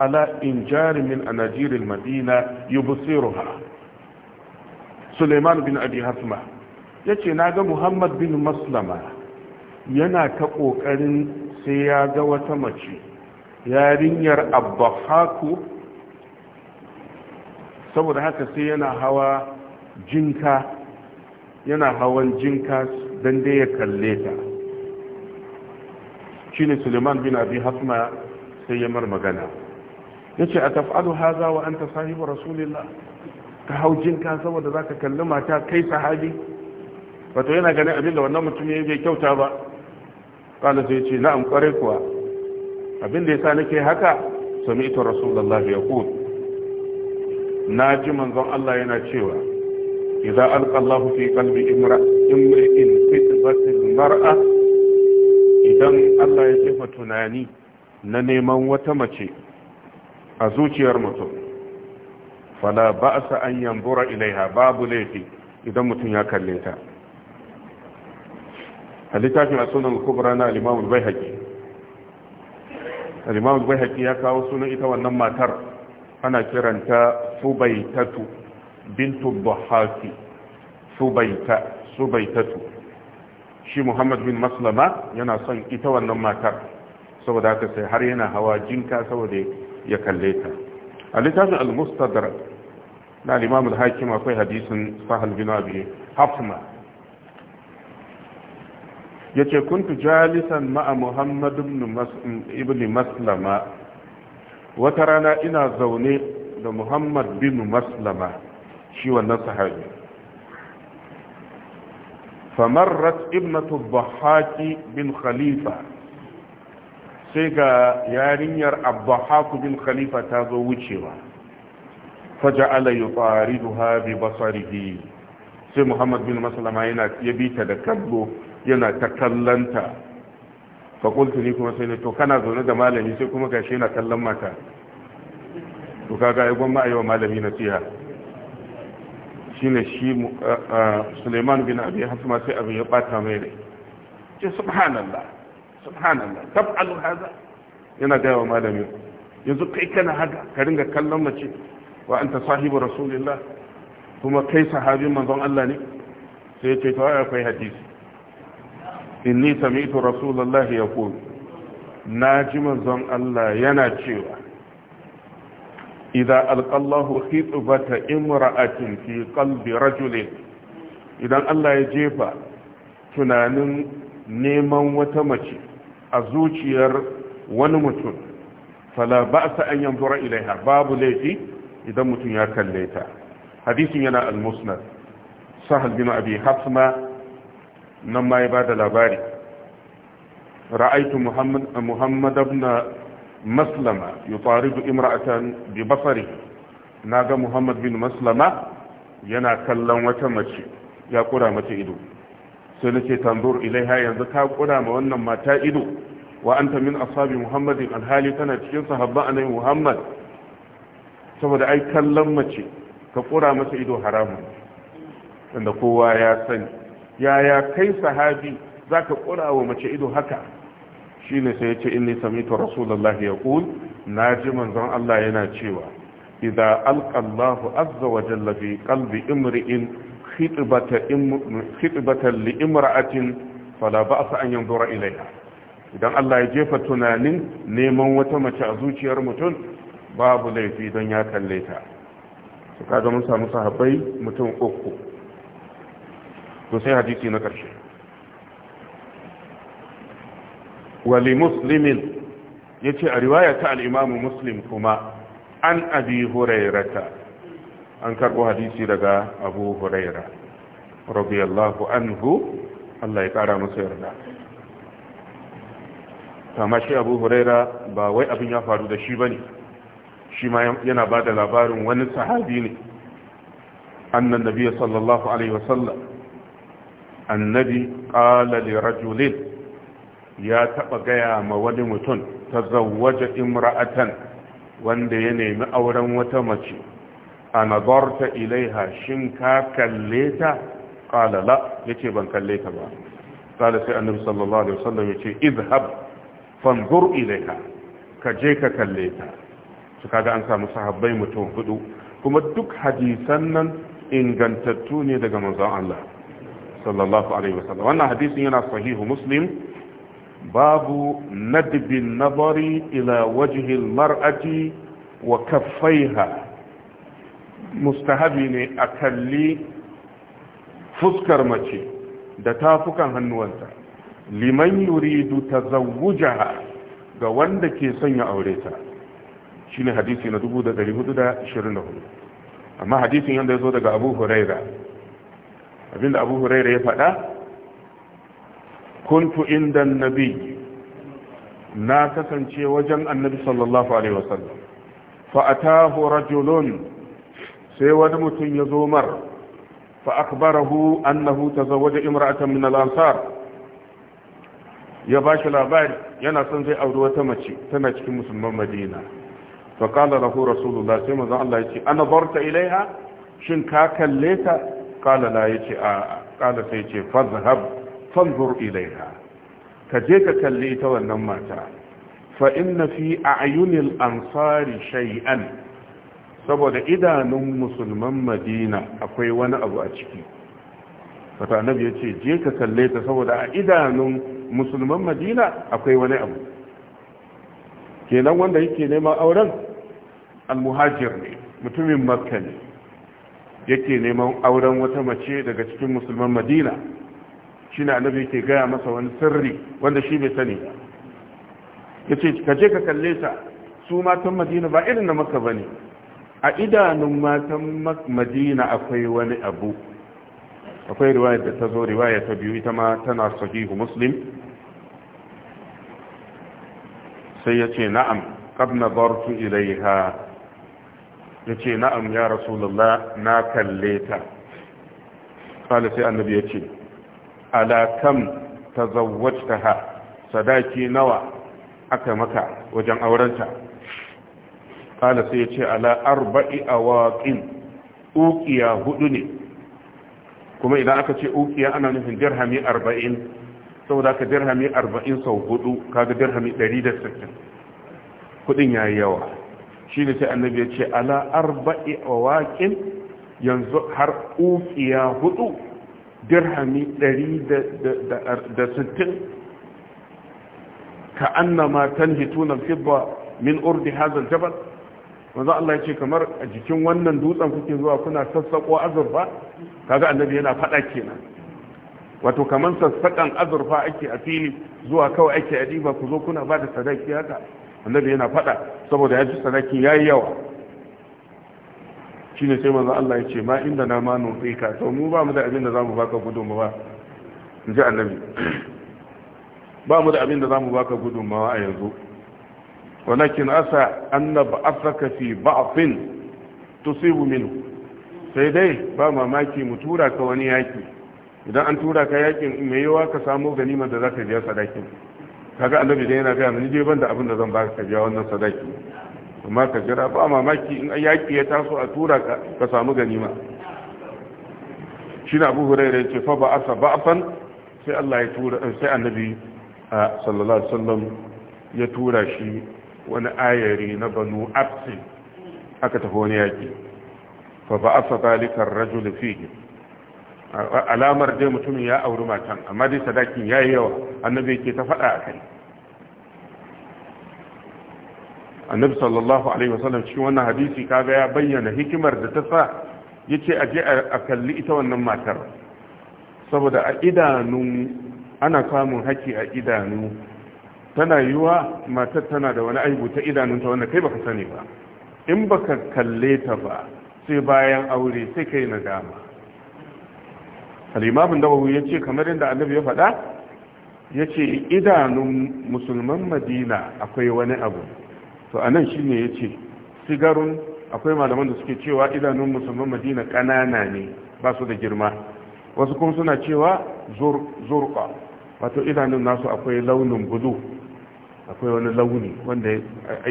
على إنجار من أناجير المدينة يبصرها سليمان بن أبي حسمة يتي ناقا محمد بن مسلمة yana ta ƙoƙarin sai ya ga wata mace yarinyar abbahaku saboda haka sai yana hawa jinka yana hawan jinka don dai ya kalle ta shi ne suleiman bin abi hasma sai ya mar magana ya ce a tafi haza wa an ta sahibu rasulillah ka hau jinka saboda za ka kalli mata kai sahabi wato yana ganin abin da wannan mutum ya bai kyauta ba kana sai ce na'am kware kuwa abin da yasa nake haka sami'tu ita rasulullahi yaqul na ji manzon Allah yana cewa idza alqa Allahu fi qalbi imra'in fi fitbatil mar'a idan Allah ya sifa tunani na neman wata mace a zuciyar mutum fala ba'sa an yanzura ilaiha babu laifi idan mutum ya kalle ta a littafin a sunan kubra na alimamul bai haƙi alimamul bai haƙi ya kawo sunan ita wannan matar ana kiranta subaitatu bintu buhaki subaita subaitatu shi muhammad bin maslama yana son ita wannan matar saboda haka sai har yana hawa jinka saboda ya kalle ta a littafin al-mustadrak na alimamul hakim akwai hadisin sahal bin abi hafma yace kuntu jalisan ma'a muhammad ibn maslama wata rana ina zaune da muhammad bin maslama shi wannan sahabi famarrat ibnatu bahaki bin khalifa sai ga yarinyar abbahaku bin khalifa ta zo wucewa faja'ala yutariduha bi basarihi sai muhammad bin maslama yana ya bita da kallo yana ta kallanta fakultu ni kuma sai ne to kana zaune da malami sai kuma gashi yana kallon mata to kaga ai gwamma a wa malami na shi ne shi suleiman bin abi hasma sai abin ya bata mai ne ce subhanallah subhanallah taf'alu hada yana ga wa malami yanzu kai kana haka ka ringa kallon mace wa anta sahibu rasulillah kuma kai sahabin manzon Allah ne sai ya ce to akwai hadisi inni sami'tu rasulullahi Na ji manzon Allah yana cewa idza alqallahu khitbata imra'atin fi qalbi rajulin idan Allah ya jefa tunanin neman wata mace a zuciyar wani mutum fala ba'sa an yanzura ilaiha babu laifi idan mutum ya kalle ta hadisin yana al-musnad sahal bin abi hasma nan ma ya ba da labari ra'aitu muhammad ibn maslama da imratan bi Na naga muhammad bin maslama yana kallon wata mace ya kura mata ido sai nace ilai ilaiha yanzu ka kura ma wannan mata ido wa anta min ashabi muhammadin alhali tana cikin sahabba annabi muhammad saboda ai kallon mace ka kura mata ido haramun wanda kowa ya sani yaya kai sahabi zaka kura wa mace ido haka shine sai yace inni sami'tu rasulullahi yaqul naji manzon Allah yana cewa idan alqa azza wa jalla fi qalbi imri'in khitbatan li imra'atin fala ba'sa an yanzura ilayha idan Allah ya jefa tunanin neman wata mace a zuciyar mutum babu laifi don ya kalle ta su kaga mun samu sahabbai mutum uku to sai hadisi na ƙarshe wali muslimin ya ce a riwaya ta al'imamu muslim kuma an abi hurairata an karɓo hadisi daga abu huraira radiyallahu anhu Allah ya ƙara masa yarda kama shi abu huraira ba wai abin ya faru da shi ba ne shi ma yana ba da labarin wani sahabi ne annan nabiya sallallahu alaihi wasallam annabi qala li ya taɓa gaya ma wani mutum ta tazawwaja imra'atan wanda ya nemi auren wata mace a nazarta ilaiha shin ka kalle ta qala la yace ban kalle ta ba qala sai annabi sallallahu alaihi wasallam yace izhab fanzur ilaiha ka je ka kalle ta su kaga an samu sahabbai mutum hudu kuma duk hadisan nan ingantattu ne daga manzon Allah sallallahu alaihi wasallam wannan hadisin yana sahihu muslim babu nadbin nabari ila wajihil mar'ati wa kaffaiha mustahabi ne a kalli fuskar mace da tafukan hannuwanta liman yuridu tazawwujaha ga wanda ke son ya aure ta shine hadisi na 1424 amma hadisin yanda yazo daga Abu Hurairah abinda abu huraira ya faɗa kuntu inda nabi na kasance wajen annabi sallallahu alaihi wasallam fa'atahu rajulun sai wani mutum ya zo mar fa'akbarahu annahu tazawwaja imra'atan min al-ansar ya bashi labari yana son zai auri wata mace tana cikin musulman madina fa qala lahu rasulullah sai manzo Allah ya ce ana barta ilaiha shin ka kalle ta kala la ce a kala sai yace fazhab fanzur ilaiha ka je ka kalli ta wannan mata fa inna fi a'yunil ansari shay'an saboda idanun musulman madina akwai wani abu a ciki fata annabi ya ce je ka kalle ta saboda a idanun musulman madina akwai wani abu kenan wanda yake neman auren Al muhajir ne mutumin makka ne yake neman auren wata mace daga cikin musulman madina shi na annabi yake gaya masa wani sirri wanda shi bai sani ya ce ka je ka kalle ta su matan madina ba irin na maka ba ne a idanun matan madina akwai wani abu akwai riwayar da ta zo riwaya ta biyu ita ma tana sahihu muslim sai ya ce na'am qad nadartu ilaiha ya ce na'am ya rasulullah na kalle ta kala sai annabi ya ce ala kam tazawwajta ha sadaki nawa aka maka wajen aurenta kala sai ya ce ala arba'i awaqin uqiya hudu ne kuma idan aka ce uqiya ana nufin dirhami 40 da ka dirhami 40 sau hudu kaga dirhami 160 kudin yayi yawa shine sai annabi ya ce ala arba'i awaqin yanzu har ukiya hudu dirhami sittin ka annama tanhituna fidda min urdi hazal aljabal wanzu Allah ya ce kamar a jikin wannan dutsen kuke zuwa kuna sassako azurfa kaga annabi yana faɗa kenan wato kamar sassakan azurfa ake a fili zuwa kawai ake a ku zo kuna ba da sadaki haka annabi yana faɗa saboda ya ji sadakin yi yawa shine sai manzo Allah ya ce ma inda na ma ka to mu ba mu da abin da mu baka gudunmawa in ji annabi ba mu da abin da mu baka gudunmawa a yanzu walakin asa annaba afraka fi sai bu minu sai dai ba mamaki mu tura ka wani yaki idan an tura ka yakin mai yawa ka samu ganimar da za ka biya sadakin kaga annabi da yana gaya ni je ban da abin da zan baka ka biya wannan sadaki amma ka jira ba mamaki in yaki ya taso a tura ka ka samu ganima shi na abu hurairu ce fa ba'asa ba'fan sai Allah ya tura sai annabi sallallahu alaihi wasallam ya tura shi wani ayari na banu absi aka tafi wani yaki fa ba'asa zalika ar-rajul fihi alamar dai mutumin ya auri matan amma dai sadakin yayi yawa annabi yake ta faɗa akai annabi sallallahu alaihi wasallam cikin wannan hadisi kaga ya bayyana hikimar da ta sa yace a je a kalli ita wannan matar saboda a idanu ana samun haki a idanu tana yiwa matar tana da wani aibu ta idanunta wanda kai baka sani ba in baka kalle ta ba sai bayan aure sai kai nadama al-imam ya yace kamar yadda annabi ya faɗa yace idanun musulman madina akwai wani abu to anan shine ce sigarun akwai malaman da suke cewa idanun musamman madina kanana ne ba su da girma wasu kuma suna cewa zurka wato idanun nasu akwai launin gudu akwai wani launi wanda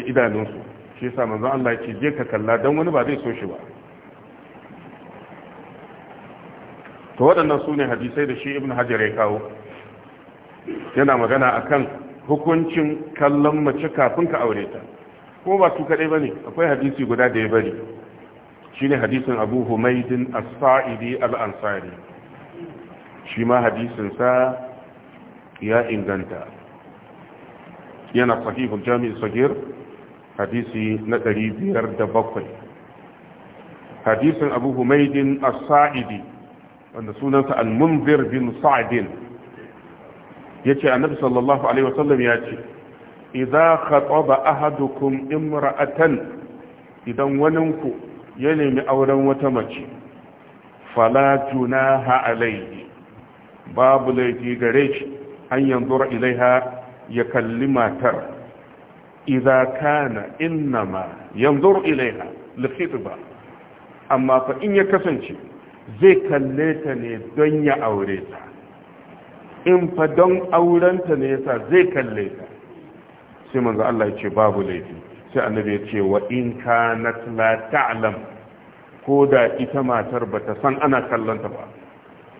idanunsu shi yasa manzon Allah ya ce je ka kalla dan wani ba zai so shi ba to waɗannan su ne hadisai da shi ibn hajar ya kawo yana magana akan hukuncin kallon mace kafin ka aure ta ko ba su kadai bane akwai hadisi guda da ya bari shine hadisin Abu Humaydin As-Sa'idi Al-Ansari shi ma hadisin sa ya inganta yana sahihul Jami' Sagir hadisi na 507 hadisin Abu Humaydin As-Sa'idi wanda sunansa Al-Munzir bin Sa'din yace Annabi sallallahu alaihi wasallam ya ce idza khataba ahadukum imra'atan idan waninku ya nemi auren wata mace fala junaha alayhi babu laifi gare shi an yanzura ilaiha ya kalli matar idza kana innama yanzur ilaiha likhitba amma fa in ya kasance zai kalle ta ne don ya aure ta in fa don aurenta ne yasa zai kalle ta sai manzo Allah ya ce babu laifi sai annabi ya ce wa in kanat la ta'lam ko da ita matar bata san ana kallanta ba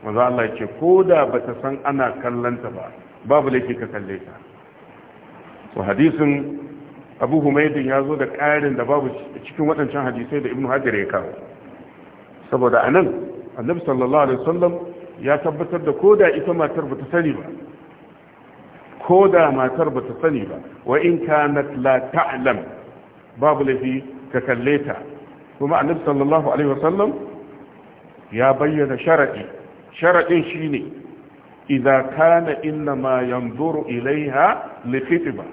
manzo Allah ya ce ko da bata san ana kallanta ba babu laifi ka kalle ta to hadisin Abu Humaydin ya zo da ƙarin da babu cikin waɗancan hadisai da Ibn Hajar ya kawo saboda anan annabi sallallahu alaihi wasallam ya tabbatar da ko da ita matar bata sani ba ko da matar ba ta sani ba wa in kanat la ta'lam babu laifi ka kalle ta kuma annabi sallallahu alaihi wasallam ya bayyana sharadi sharadin shine idza kana inna ma yanzuru ilaiha li ba,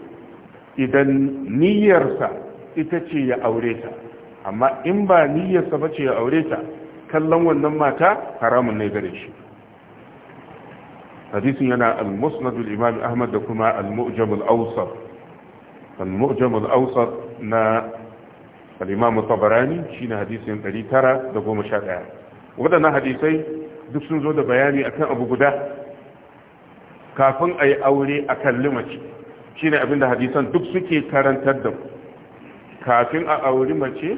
idan niyyarsa ita ce ya aure ta amma in ba niyyarsa bace ya aure ta kallon wannan mata haramun ne gare shi hadisin yana al-musnad al-imam ahmad da kuma al-mu'jam al-awsat al-mu'jam al-awsat na al-imam tabarani shine hadisin 911 wadannan hadisai duk sun zo da bayani akan abu guda kafin ayi aure akan limaci shine abinda hadisan duk suke karantar da kafin a auri mace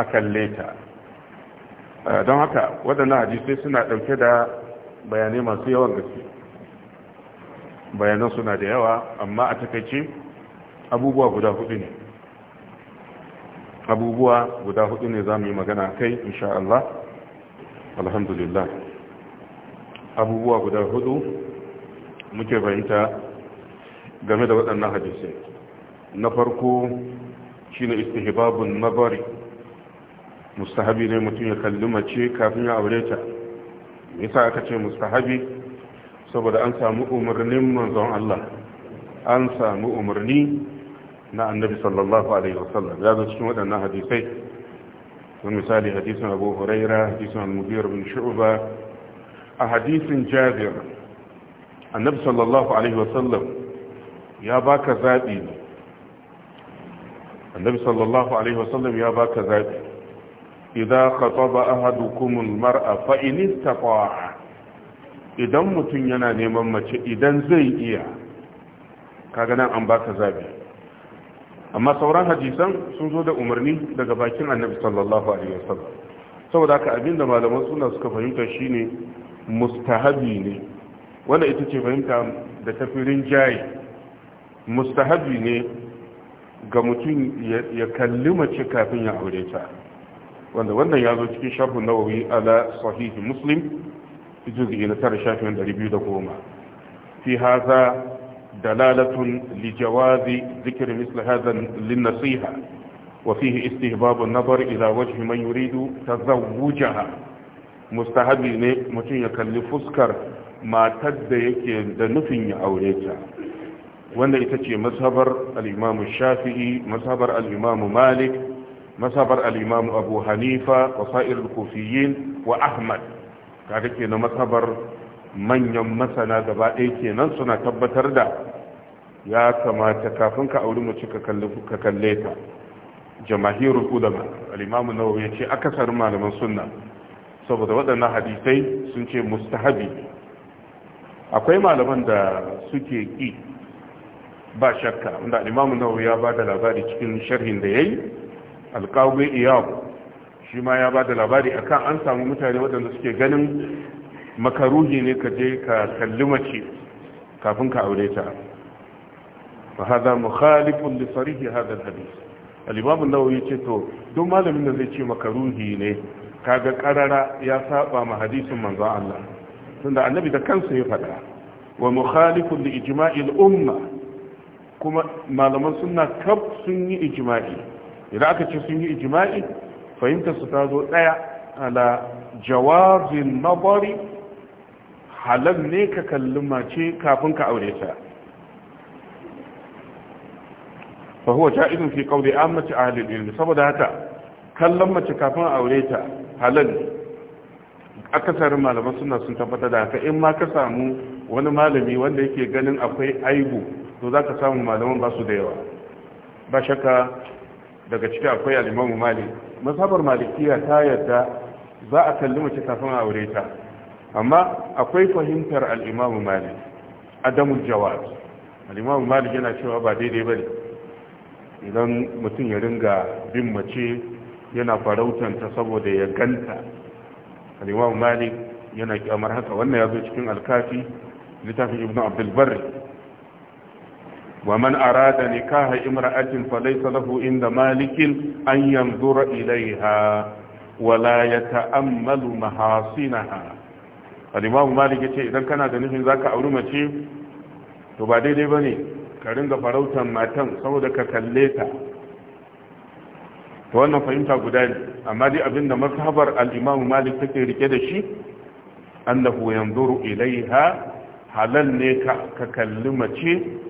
a kalle ta don haka wadannan hadisai suna dauke da bayanai masu yawan gaske bayanan suna da yawa amma a takaice abubuwa guda hudu ne abubuwa guda hudu ne za mu yi magana kai insha Allah alhamdulillah abubuwa guda hudu muke fahimta game da waɗannan hadisai na farko shi shine istihbabun mabari. mustahabi ne mutum ya kalli mace kafin ya aure ta sa aka ce mustahabi saboda an samu umarnin manzon Allah an samu umarni na annabi sallallahu alaihi wasallam ya zo cikin waɗannan hadisai kuma misali hadisin abu huraira hadisin al-mubir bin shu'ba a hadisin jabir annabi sallallahu alaihi wasallam ya baka zabi annabi sallallahu alaihi wasallam ya baka zabi idza khataba ahadukum almar'a fa in istata'a idan mutum yana neman mace idan zai iya kaga nan an baka zabi amma sauran hadisan sun zo da umarni daga bakin annabi sallallahu alaihi wasallam saboda haka abinda malaman suna suka fahimta shine mustahabi ne wanda ita ce fahimta da tafirin jayi mustahabi ne ga mutum ya kalli mace kafin ya aure ta wanda wannan ya zo cikin sharhun nawawi ala sahih muslim juz'i na tara shafin goma fi da dalalatun li jawazi dhikri misl hadha lin nasiha wa fihi istihbab an-nazar ila wajhi man yuridu tazawwujaha mustahabi ne mutum ya kalli fuskar matar da yake da nufin ya aure ta wanda ita ce mazhabar al-imam shafi'i mazhabar al-imam malik masabar al abu hanifa wa sa'irul kofiyin wa ahmad kaga na masabar manyan masana gaba ɗaya kenan suna tabbatar da ya kamata kafin ka auri mace ka kalle ta jamahirul ulama al-imam nawawi yace akasarin malaman sunna saboda waɗannan hadisai sun ce mustahabi akwai malaman da suke ƙi ba shakka wanda al-imam ya ba da labari cikin sharhin da yayi alkawai iyaku shi ma ya ba da labari a kan an samu mutane waɗanda suke ganin makaruhi ne ka je ka kalli mace kafin ka aure ta fa hada mukhalifun da sarihi hada alhadith al alibabu an ce to don malamin da zai ce makaruhi ne kaga karara ya saba ma hadisin manzo Allah tunda annabi da kansa ya faɗa wa mukhalifun da ijma'il umma kuma malaman suna kaf sun yi ijma'i idan aka ce sun yi ijima'i fahimtar su ta zo daya ala jawazin nazari halal ne ka kalli mace kafin ka aure ta fa huwa ja'izun fi qawli ammati ahli al-ilm saboda haka kallon mace kafin aure ta halal ne akasarin malaman suna sun tabbatar da haka in ma ka samu wani malami wanda yake ganin akwai aibu to za ka samu malaman ba su da yawa ba shakka daga ciki akwai al'imamu mali. malik malikiya ta yadda za a kalli mace kafin a aure ta amma akwai fahimtar al'imamu mali, Adamu jawab Al'imamu mali yana cewa ba daidai bane idan mutum ya ringa bin mace yana farautanta saboda ya ganta Al'imamu mali yana kyamar haka wannan ya zo cikin alkafi littafin ibnu abdul barri wa man arada nikaha imra'atin falaysa lahu inda malikin an yanzura ilaiha wa la yata'ammalu mahasinaha al-imam malik yace idan kana da nufin zaka auri mace to ba daidai bane ka ringa farautan matan saboda ka kalle to wannan fahimta guda ne amma dai abinda mazhabar al-imam malik take rike da shi annahu yanzuru ilaiha halal ne ka kalli mace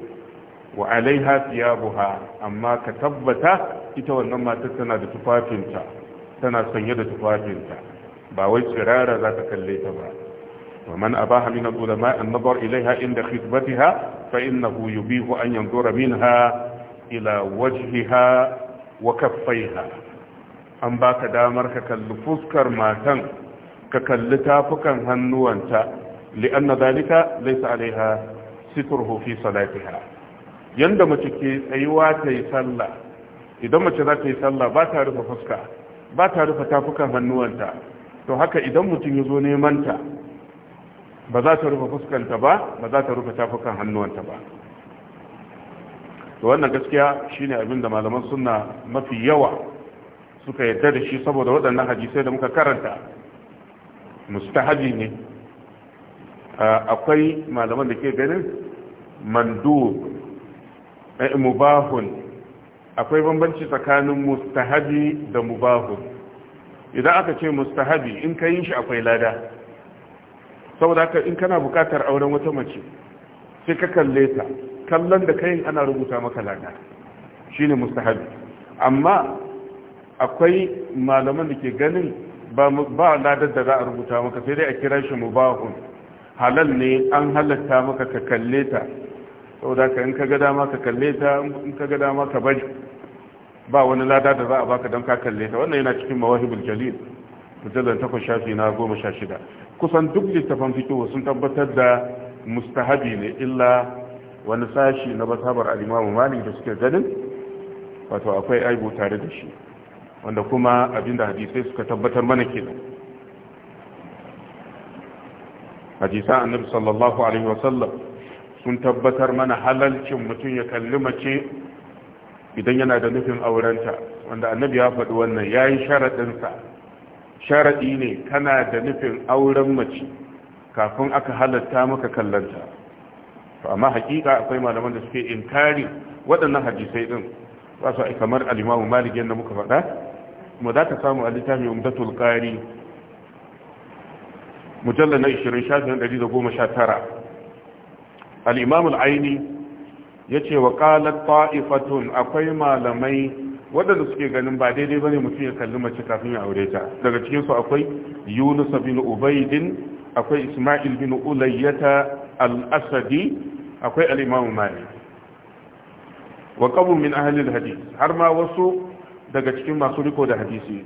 wa siya siyabuha amma ka tabbata ita wannan matar tana da tufafinta tana sanye da tufafinta ba wai tsirara za ta kalle ta ba wa man abaha min al-ulama an nazar ilaiha inda khitbatiha fa innahu yubihu an yanzura minha ila wajhiha wa kaffaiha an baka damar ka kalli fuskar matan ka kalli tafukan hannuwanta li zalika dhalika laysa alaiha sitruhu fi salatiha yanda mace ke tsayuwa ta yi sallah idan mace za ta yi sallah ba ta rufe fuska ba ta rufe tafukan hannuwanta to haka idan mutum ya zo neman ta ba za ta rufe fuskanta ba ba za ta rufe tafukan hannuwanta ba to wannan gaskiya shine abin da malaman sunna mafi yawa suka yarda da shi saboda waɗannan hadisai da muka karanta mustahabi ne akwai malaman da ke ganin mandub Eh, mubahun akwai bambanci tsakanin mustahabi da mubahun idan aka ce mustahabi in ka yin shi akwai lada saboda haka in kana bukatar auren wata mace sai ka kalle ta kallon da kayin ana rubuta maka lada shi ne mustahabi amma akwai malaman da ke ganin ba lada da za a rubuta maka sai dai a kira shi mubahun halal ne an halatta maka ka kalle ta saboda ka in ka ga dama ka kalle ta in ka ga dama ka bari ba wani lada da za a baka don ka kalle ta wannan yana cikin mawahibul jalil mujallar takwas shafi na goma sha shida kusan duk littafan fitowa sun tabbatar da mustahabi ne illa wani sashi na basabar alimamu malik da suke ganin wato akwai aibu tare da shi wanda kuma abinda hadisai suka tabbatar mana kenan hadisa annabi sallallahu alaihi wasallam sun tabbatar mana halalcin mutum ya kalli mace idan yana da nufin aurenta wanda annabi ya faɗi wannan ya yi sharaɗinsa sharaɗi ne kana da nufin auren mace kafin aka halatta maka kallanta amma haƙiƙa akwai malaman da suke in kari waɗannan hadisai ɗin ba su kamar alimamu malik yadda muka faɗa kuma za ka samu a littafi umdatul ƙari mujallar na 20 shafin 119 al-imam ya aini yace wa qalat ta'ifatun akwai malamai waɗanda suke ganin ba daidai ne mutum ya kalli mace kafin ya aure ta daga cikinsu akwai Yunus bin ubaidin akwai Isma'il bin Ulayyata al-Asadi akwai al mali. wa qawm min ahalin al har ma wasu daga cikin masu riko da hadisi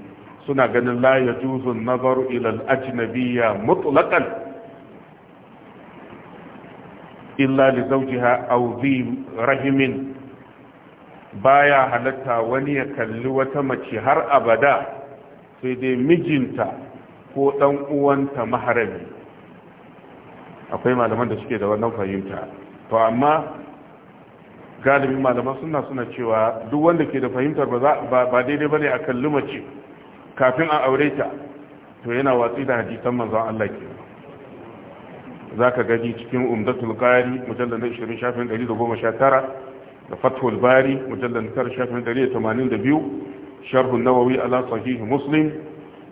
suna ganin la yajuzu an-nazaru ilal al-ajnabiyya mutlaqan illa li zawjiha rahimin baya halatta wani ya kalli wata mace har abada sai dai mijinta ko dan uwanta maharami akwai malaman da suke da wannan fahimta to amma galibin malaman suna suna cewa duk wanda ke da fahimtar ba daidai ne a kalli mace kafin a aure ta to yana watsi da hadisan manzon Allah ke za ka gaji cikin umdatul qari mujallar na 20 shafin 119 da fathul bari mujallar mujallal 9 shafin 182 sharh an-nawawi ala sahih muslim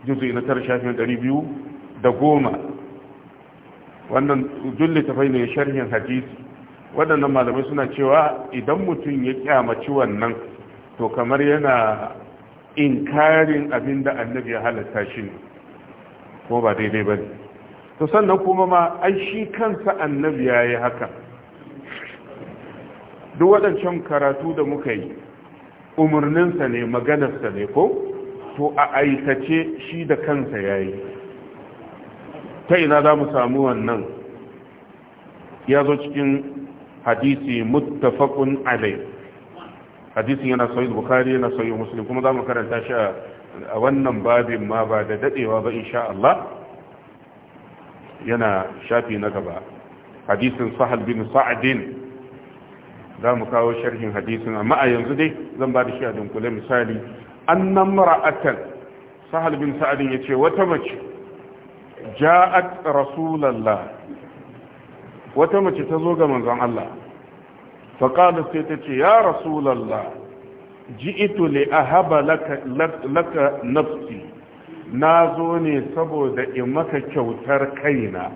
juz'i na 9 shafin 200 da goma wannan julli tafai ne sharhin hadisi waɗannan malamai suna cewa idan mutum ya kyamaci wannan to kamar yana inkarin abin da annabi ya halatta shi ne ko ba daidai ba ne to sannan kuma ma ai shi kansa annabi ya yi haka duk waɗancan karatu da muka yi umarninsa ne maganarsa ne ko to a aikace shi da kansa ya yi ta ina za mu samu wannan ya zo cikin hadisi muttafaqun alai hadisin yana sahih bukhari yana sahih muslim kuma za mu karanta shi a wannan babin ma ba da dadewa ba insha Allah yana shafi na gaba hadisin sahal bin sa'adin za mu kawo sharhin hadisin amma a yanzu dai zan ba da shi a dunkule misali annan mara'atan sahal bin sa'adin ya ce wata mace ja'at rasulallah wata mace ta zo ga manzon Allah faƙalar sai ta ce ya rasulallah ji'itu a ahaba laka nafsi na zo ne saboda in maka kyautar kaina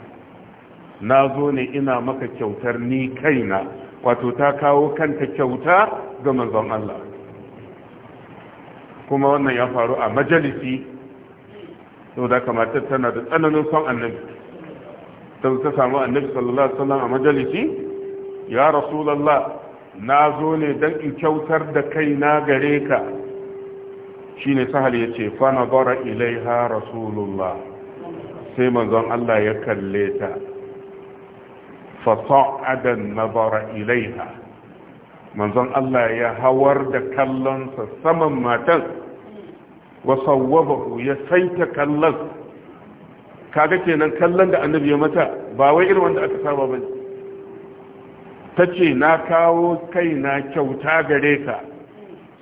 na zo ne ina maka kyautar ni kaina wato ta kawo kanta kyauta ga manzon Allah kuma wannan ya faru a majalisi saboda kamata tana da tsananin son annabi ta ta samu annabi sallallahu alaihi wasallam a majalisi ya rasulullah na zo ne don in kyautar da kaina gare ka ne sahal ya ce fa nazara ilaiha rasulullah sai manzon Allah ya kalle ta fa na nazara ilaiha manzon Allah ya hawar da kallonsa saman matan wa sawwabahu ya saita kallon kaga kenan kallon da annabi ya mata ba wai irin wanda aka saba ba ta ce na kawo kaina kyauta gare ka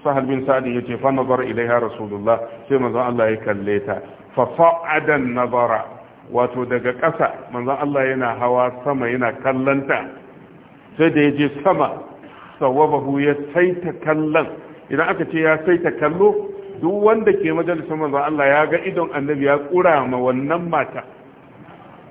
sahal bin ya ce fa nazar ilaiha rasulullah sai manzon Allah ya kalle ta fa fa'ada nazara wato daga ƙasa manzon Allah yana hawa sama yana ta sai da yaje sama sawabahu ya saita kallon idan aka ce ya saita kallo duk wanda ke majalisar manzon Allah ya ga idon annabi ya kura ma wannan mata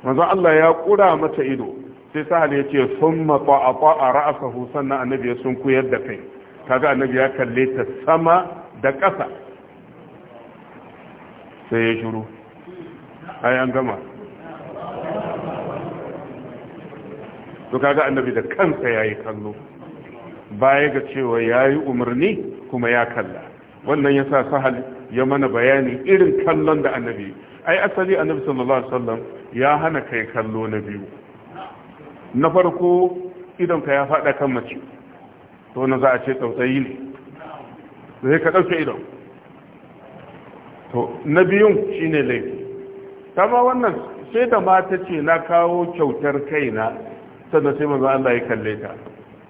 manzon Allah ya kura mata ido sai sahal ya ce summa a ta'a ra'sahu sannan annabi ya koyar da kai kaga annabi ya kalle ta sama da ƙasa sai ya shiru ai an gama to kaga annabi da kansa yayi kallo baya ga cewa yayi umarni kuma ya kalla wannan yasa sahal ya mana bayani irin kallon da annabi ai asali annabi sallallahu alaihi wasallam ya hana kai kallo na biyu na farko idan ka ya fada kan mace to wannan za a ce tsautsayi ne zai ka ɗauke idon to na biyun shine laifi kama wannan sai da mata ce na kawo kyautar kaina sannan sai manzo Allah ya kalle ta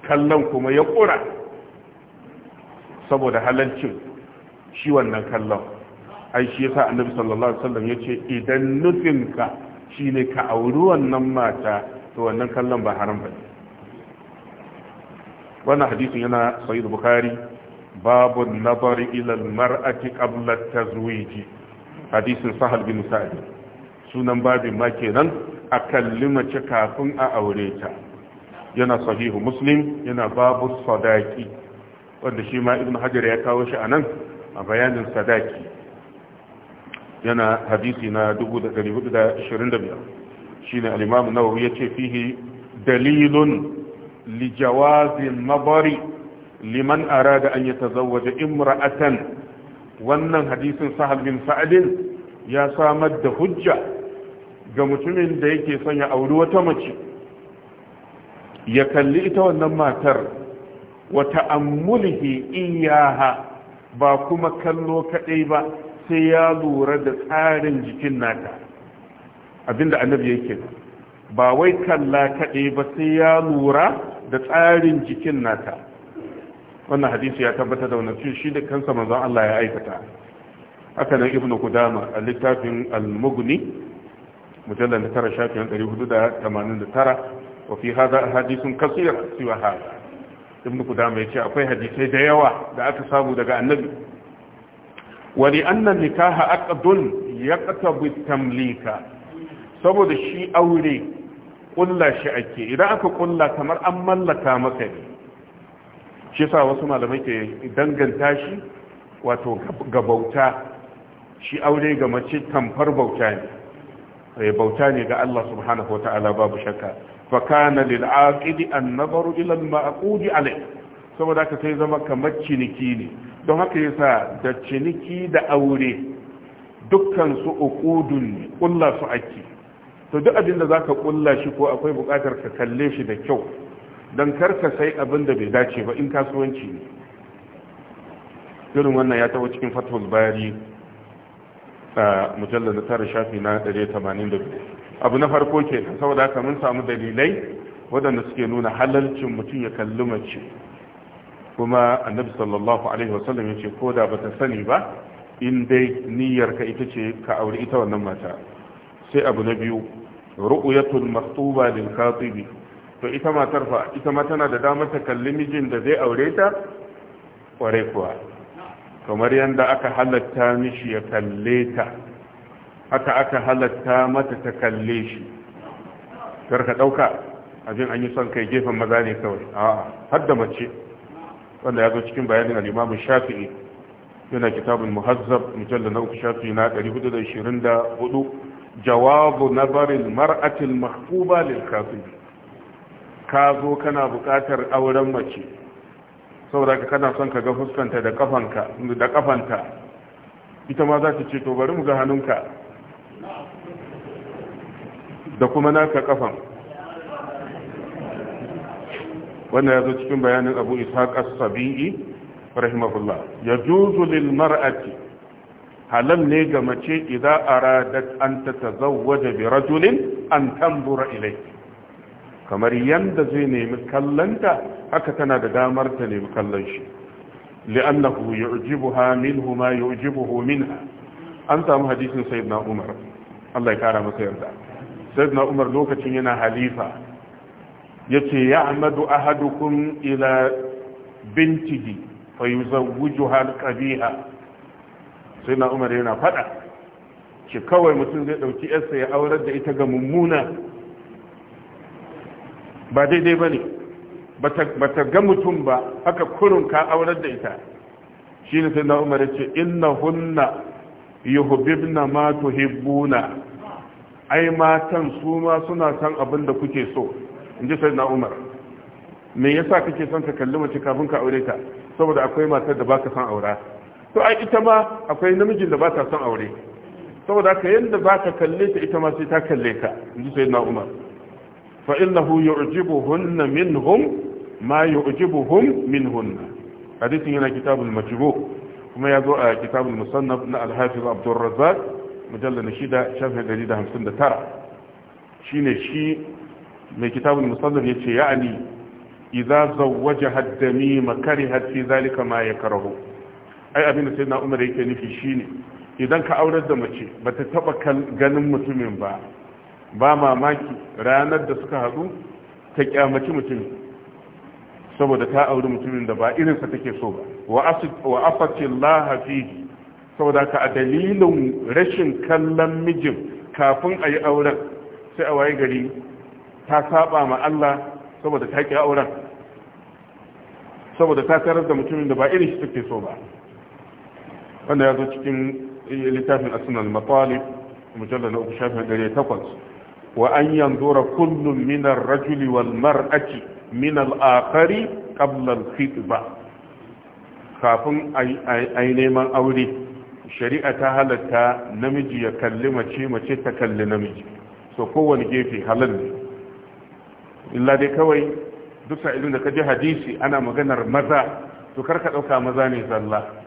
kallon kuma ya ƙura saboda halalcin shi wannan kallon ai shi yasa annabi sallallahu alaihi wasallam yace idan nufinka shine ka auri wannan mata to wannan kallon ba haram bane wannan hadisin yana sahih bukhari babu nazari ila almar'ati qabla tazwiji hadisin sahal bin sa'id sunan babin ma kenan a kallima ce kafin a aure ta yana sahihu muslim yana babu sadaki wanda shi ma ibn hajar ya kawo shi a nan a bayanin sadaki yana hadisi na 1425 shine al-imam nawawi yace fihi dalilun li jawazil mabari liman arada an yatazawwaja imra'atan wannan hadisin sahal bin sa'adin ya samar da hujja ga mutumin da yake son ya auri wata mace ya kalli ita wannan matar Wata ta'ammulihi iyaha ba kuma kallo kaɗai ba sai ya lura da tsarin jikin nata abinda annabi yake nan ba wai kalla kaɗai ba sai ya lura da tsarin jikin nata wannan hadisi ya tabbata da wannan shi da kansa manzon Allah ya aikata haka nan ibnu kudama a littafin al-mughni mujallal na tara shafin 489 wa fi hada hadisun kasira siwa hada ibnu kudama yace akwai hadisai da yawa da aka samu daga annabi wa li anna nikaha aqdun yaqtabu tamlika saboda shi aure kulla shi ake idan aka kulla kamar an mallaka maka ne shi sa wasu malamai ke danganta shi wato ga bauta shi aure ga mace tamfar bauta ne eh, bauta ne ga Allah subhanahu wata'ala babu shakka fa kana lil aqidi an nazaru ila ma aqudi alai saboda haka sai zama kamar ciniki ne don haka yasa da ciniki da aure dukkan su uqudun kulla su ake to duk abin da zaka kulla shi ko akwai bukatar ka kalle shi da kyau don karka sai abin da bai dace ba in kasuwanci ne irin wannan ya taho cikin fatul bari a mujallar da tara shafi na 182 abu na farko ke saboda haka mun samu dalilai waɗanda suke nuna halalcin mutum ya kalli mace kuma annabi sallallahu alaihi wasallam ya ce ko da bata sani ba in dai niyyarka ita ce ka aure ita wannan mata sai abu na biyu ru'yatul maktuba lil khatibi to ita matar fa ita ma tana da damar ta kalli mijin da zai aure ta kware kuwa kamar yadda aka halatta mishi ya kalle ta haka aka halatta mata ta kalle shi Kar ka ɗauka. abin an yi son kai gefen maza ne kawai a'a har mace wanda ya zo cikin bayanin al-Imam Shafi'i yana kitabun muhazzab mujalla na uku shafi na 424 jawabu nazarin mar'atil mahbuba lil kafir ka zo kana buƙatar auren mace saboda ka kana son ka ga fuskanta da kafanka ita ma za ta ce to bari mu ga hannunka da kuma naka kafan wannan ya zo cikin bayanin abu ishaq as-sabi'i rahimahullah yajuzu lil mar'ati halal ne ga mace idza aradat an tatazawwaja bi rajulin an tambura ilai kamar yanda zai nemi kallanta haka tana da damar ta nemi kallon shi li'annahu yu'jibuha minhu ma yu'jibuhu minha an samu hadisin sayyidina umar Allah ya kara masa yarda sayyidina umar lokacin yana halifa yace ya'madu ahadukum ila bintihi fayuzawwijuha al-qabiha sai na umar yana faɗa shi kawai mutum zai ɗauki yarsa ya aurar da ita ga mummuna ba daidai ba ne ba ta ga mutum ba haka kurun ka aurar da ita shi ne sai na umar ya ce inna hunna na ma hibbuna ai matan su ma suna san abin da kuke so in ji sai na umar me yasa kake son ka kalli mace kafin ka aure ta saboda akwai matar da baka san aura to ai ita ma akwai namijin da ba ta son aure saboda ka yadda ba ka kalle ta ita ma sai ta kalle ka inji sai na umar fa innahu yu'jibuhunna minhum ma min hunna. Hadithin yana kitabul majmu kuma ya zo a kitabul musannaf na al-hafiz abdur razzaq mujallal 6 shafin 159 shine shi mai kitabul musannaf yace ya'ani idza zawwajaha ad-damima karihat fi dhalika ma yakrahu ai abin da sai na umar yake nufi shine idan ka aurar da mace ba ta taba ganin mutumin ba ba mamaki ranar da suka haɗu ta kyamaci mutumin saboda ta auri mutumin da ba irinsa take so ba wa Laha fihi saboda ka a dalilin rashin kallon mijin kafin a yi auren sai a waye gari ta saba ma Allah saboda ta ƙi auren saboda ta tarar da mutumin da ba irin shi take so ba wanda ya zo cikin littafin asunan matalib mujallar na uku shafin dare takwas wa an yanzura kullum minar rajuli wal mar'aci min al'akari ƙablar fitba kafin a yi neman aure shari'a ta halatta namiji ya kalli mace mace ta kalli namiji so kowane gefe halal ne illa dai kawai duk sa'ilin da ka ji hadisi ana maganar maza to karka ɗauka maza ne zalla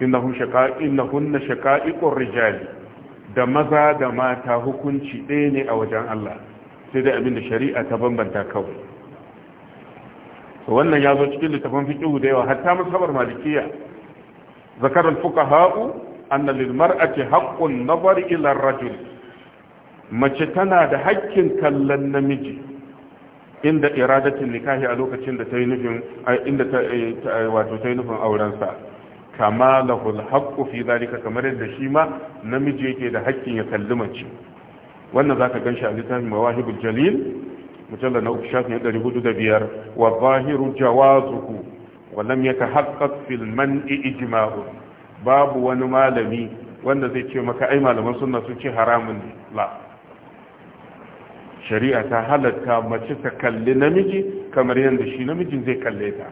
innahum shaqa'i innahunna shaqa'iqur rijali da maza da mata hukunci ɗaya ne a wajen Allah sai dai abinda shari'a ta bambanta kawai wannan ya zo cikin littafin fiqh da yawa hatta masabar malikiya zakar al-fuqaha'u anna lil mar'ati haqqun nazar ila ar-rajul mace tana da haƙƙin kallon namiji inda iradatin nikahi a lokacin da ta yi nufin inda eh, ta wato ta yi nufin aurensa kama lahul haqqu fi zalika kamar yadda shi ma namiji yake da haƙƙin ya kalli mace wannan zaka ganshi a littafin mawahibul jalil mujalla na uku shafin ɗari hudu da biyar wa zahiru jawazuhu wa lam yatahaqqaq fil man'i ijma'u babu wani malami wanda zai ce maka ai malaman sunna sun ce haramun la shari'a ta halatta mace ta kalli namiji kamar yadda shi namijin zai kalle ta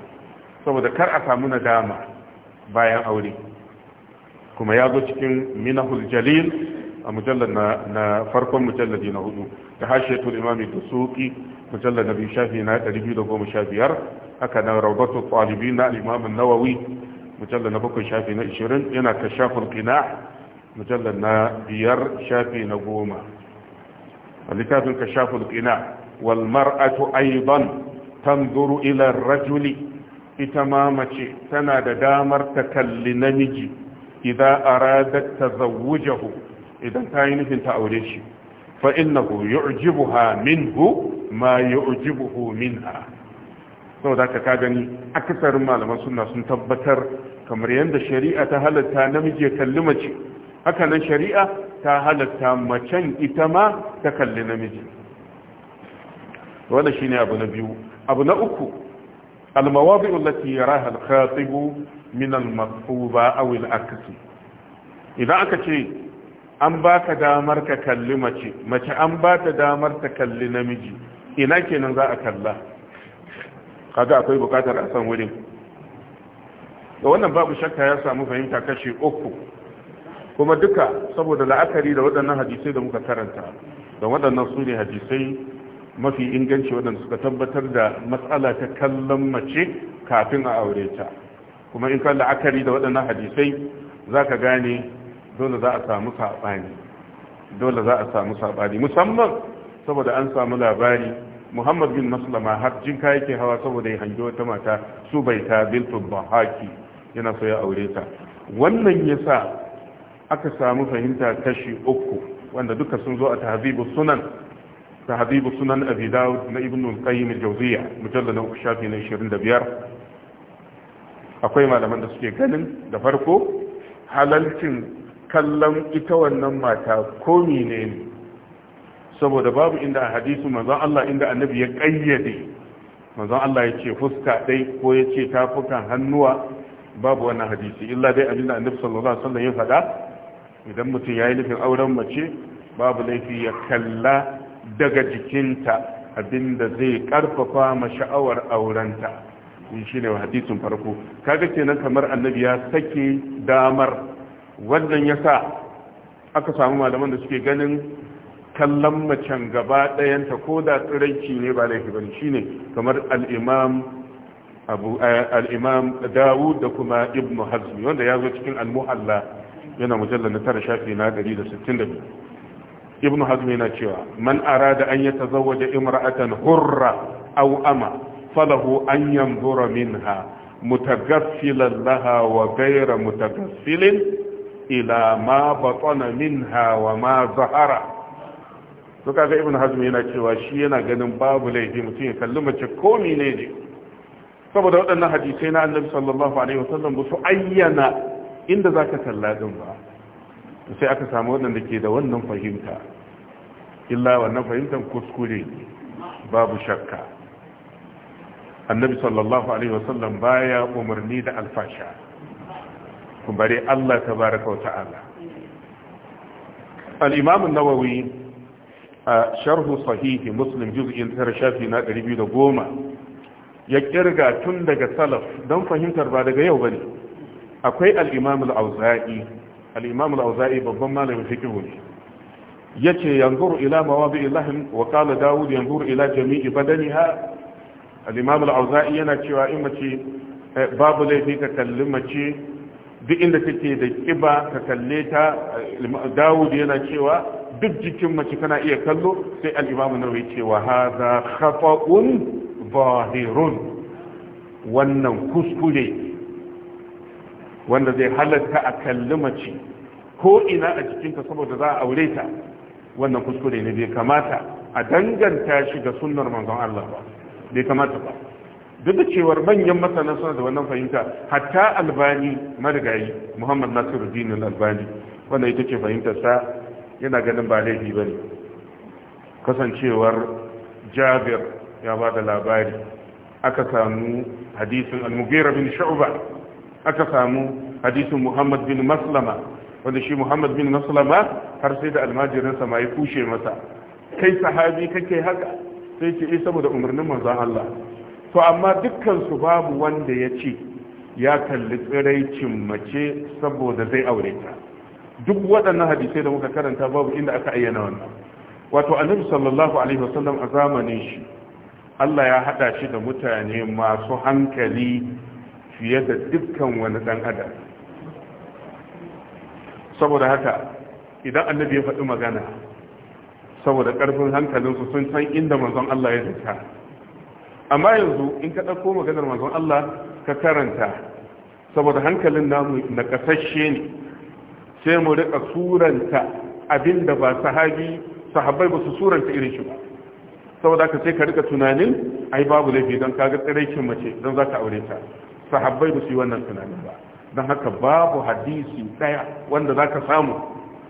saboda kar a samu nadama bayan aure kuma ya zo cikin minahul jalil a mujallar na farkon mujalladi na hudu da hashiyatul imami da suki mujallar na biyu shafi na 215 haka nan raubatul talibi na imamun nawawi mujallar na bakwai shafi na 20 yana ta shafin kina mujallar na biyar shafi na goma a littafin ka shafin kina qina wal mar'atu tan tanzuru ila rajuli ita ma mace tana da damar ta kalli namiji idan aradat tazawwujahu idan ta yi nufin ta aure shi fa innahu yu'jibuha minhu ma yu'jibuhu minha saboda ka ka gani akasarin malaman sunna sun tabbatar kamar yadda shari'a ta halatta namiji ya kalli mace haka nan shari'a ta halatta macen ita ma ta kalli namiji wannan shine abu na biyu abu na uku المواضع التي يراها الخاطب من المطلوبة أو العكس إذا أكتشي an ba ka damar ka kalli mace mace an ba ta damar ta kalli namiji ina kenan za a kalla kaga akwai bukatar a san wurin da wannan babu shakka ya samu fahimta kashe uku kuma duka saboda la'akari da waɗannan hadisai da muka karanta da waɗannan su hadisai mafi inganci waɗanda suka tabbatar da matsala ta kallon mace kafin a aure ta kuma in ka la'akari da waɗannan hadisai za ka gane dole za a samu saɓani dole za a samu saɓani musamman saboda an samu labari muhammad bin maslama har jin yake hawa saboda ya hangi wata mata su bai ta biltu bahaki yana so ya aure ta wannan ya sa aka samu fahimta kashi uku wanda duka sun zo a tahzibu sunan Habibu sunan abi dawud na ibn al-qayyim al-jawziyya mujallal na shafi na 25 akwai malaman da suke ganin da farko halalcin kallon ita wannan mata ko ne saboda babu inda a hadisu manzon Allah inda annabi ya kayyade manzon Allah ya ce fuska dai ko ya ce tafukan hannuwa babu wannan hadisi illa dai abinda annabi sallallahu alaihi wasallam ya faɗa idan mutum yayi nufin auren mace babu laifi ya kalla daga jikinta abinda zai karfafa ma sha'awar aurenta shi ne hadisin farko kaga kenan kamar annabi ya sake damar wannan yasa aka samu malaman da suke ganin kallon macen gaba ɗayanta ko da tsiranci ne ba laifi bane kamar al-imam abu eh, Dawud da kuma Ibn Hazm wanda ya zo cikin almuhalla yana mujallar na tara shafi na 162 ibnu hazmi na cewa man arada an ya tazawwaja imra'atan hurra aw ama falahu an yanzura minha mutagaffilan laha wa ghayra mutagaffilin ila ma batana minha wa ma zahara to kaga ibnu hazmi yana cewa shi yana ganin babu laifi mutum ya kalli mace ko ne ne saboda waɗannan hadisai na annabi sallallahu alaihi wasallam ba su ayyana inda zaka kalla din ba sai aka samu waɗanda ke da wannan fahimta illa wannan fahimtar kuskure babu shakka annabi sallallahu alaihi wasallam baya umarni da alfasha bari Allah ta wa ta'ala al-imam a sharhu sahihi sahih muslim juz'in tara shafi na 210 ya kirga tun daga salaf don fahimtar ba daga yau bane akwai al-imam auzai al al-auza'i babban malamin fiqh ne yace yanzuru ila mawadi'i lahm wa qala daud yanzuru ila jami'i badaniha al-imam al-auza'i yana cewa in mace eh, babu laifi ka kalli mace duk inda take da kiba ka kalle ta yana cewa duk jikin mace kana iya kallo sai al na nawawi cewa hadha khafa'un zahirun wannan kuskure wanda zai halatta a kalli mace ko ina a jikinta saboda za a aure ta wannan kuskure ne bai kamata a danganta shi ga sunnar manzon Allah ba bai kamata ba duk da cewar manyan masana suna da wannan fahimta hatta albani marigayi muhammad nasiruddin albani wanda ita ce sa yana ganin ba laifi ba ne kasancewar jabir ya ba da labari aka samu hadisin almugira bin sha'uba aka samu hadisin muhammad bin maslama wanda shi muhammad bin maslama har sai da almajirinsa ma ya kushe masa kai sahabi kake haka sai ce eh saboda umarnin manza Allah to amma dukkansu babu wanda ya ce ya kalli tsiraicin mace saboda zai aure ta duk waɗannan hadisai da muka karanta babu inda aka ayyana wannan wato annabi sallallahu alaihi wasallam a zamanin shi Allah ya hada shi da mutane masu hankali fiye da dukkan wani dan adam saboda haka idan annabi ya faɗi magana saboda ƙarfin hankalinsu sun san inda manzon Allah ya zata amma yanzu in ka ɗauko maganar manzon Allah ka karanta saboda hankalin namu na ƙasashe ne sai mu riƙa suranta abinda ba sahabi sahabbai ba su suranta irin shi ba saboda ka sai ka riƙa tunanin ai babu laifi don kaga tsiraikin mace don za ka aure ta sahabbai ba su yi wannan tunanin ba don haka babu hadisi ɗaya wanda za ka samu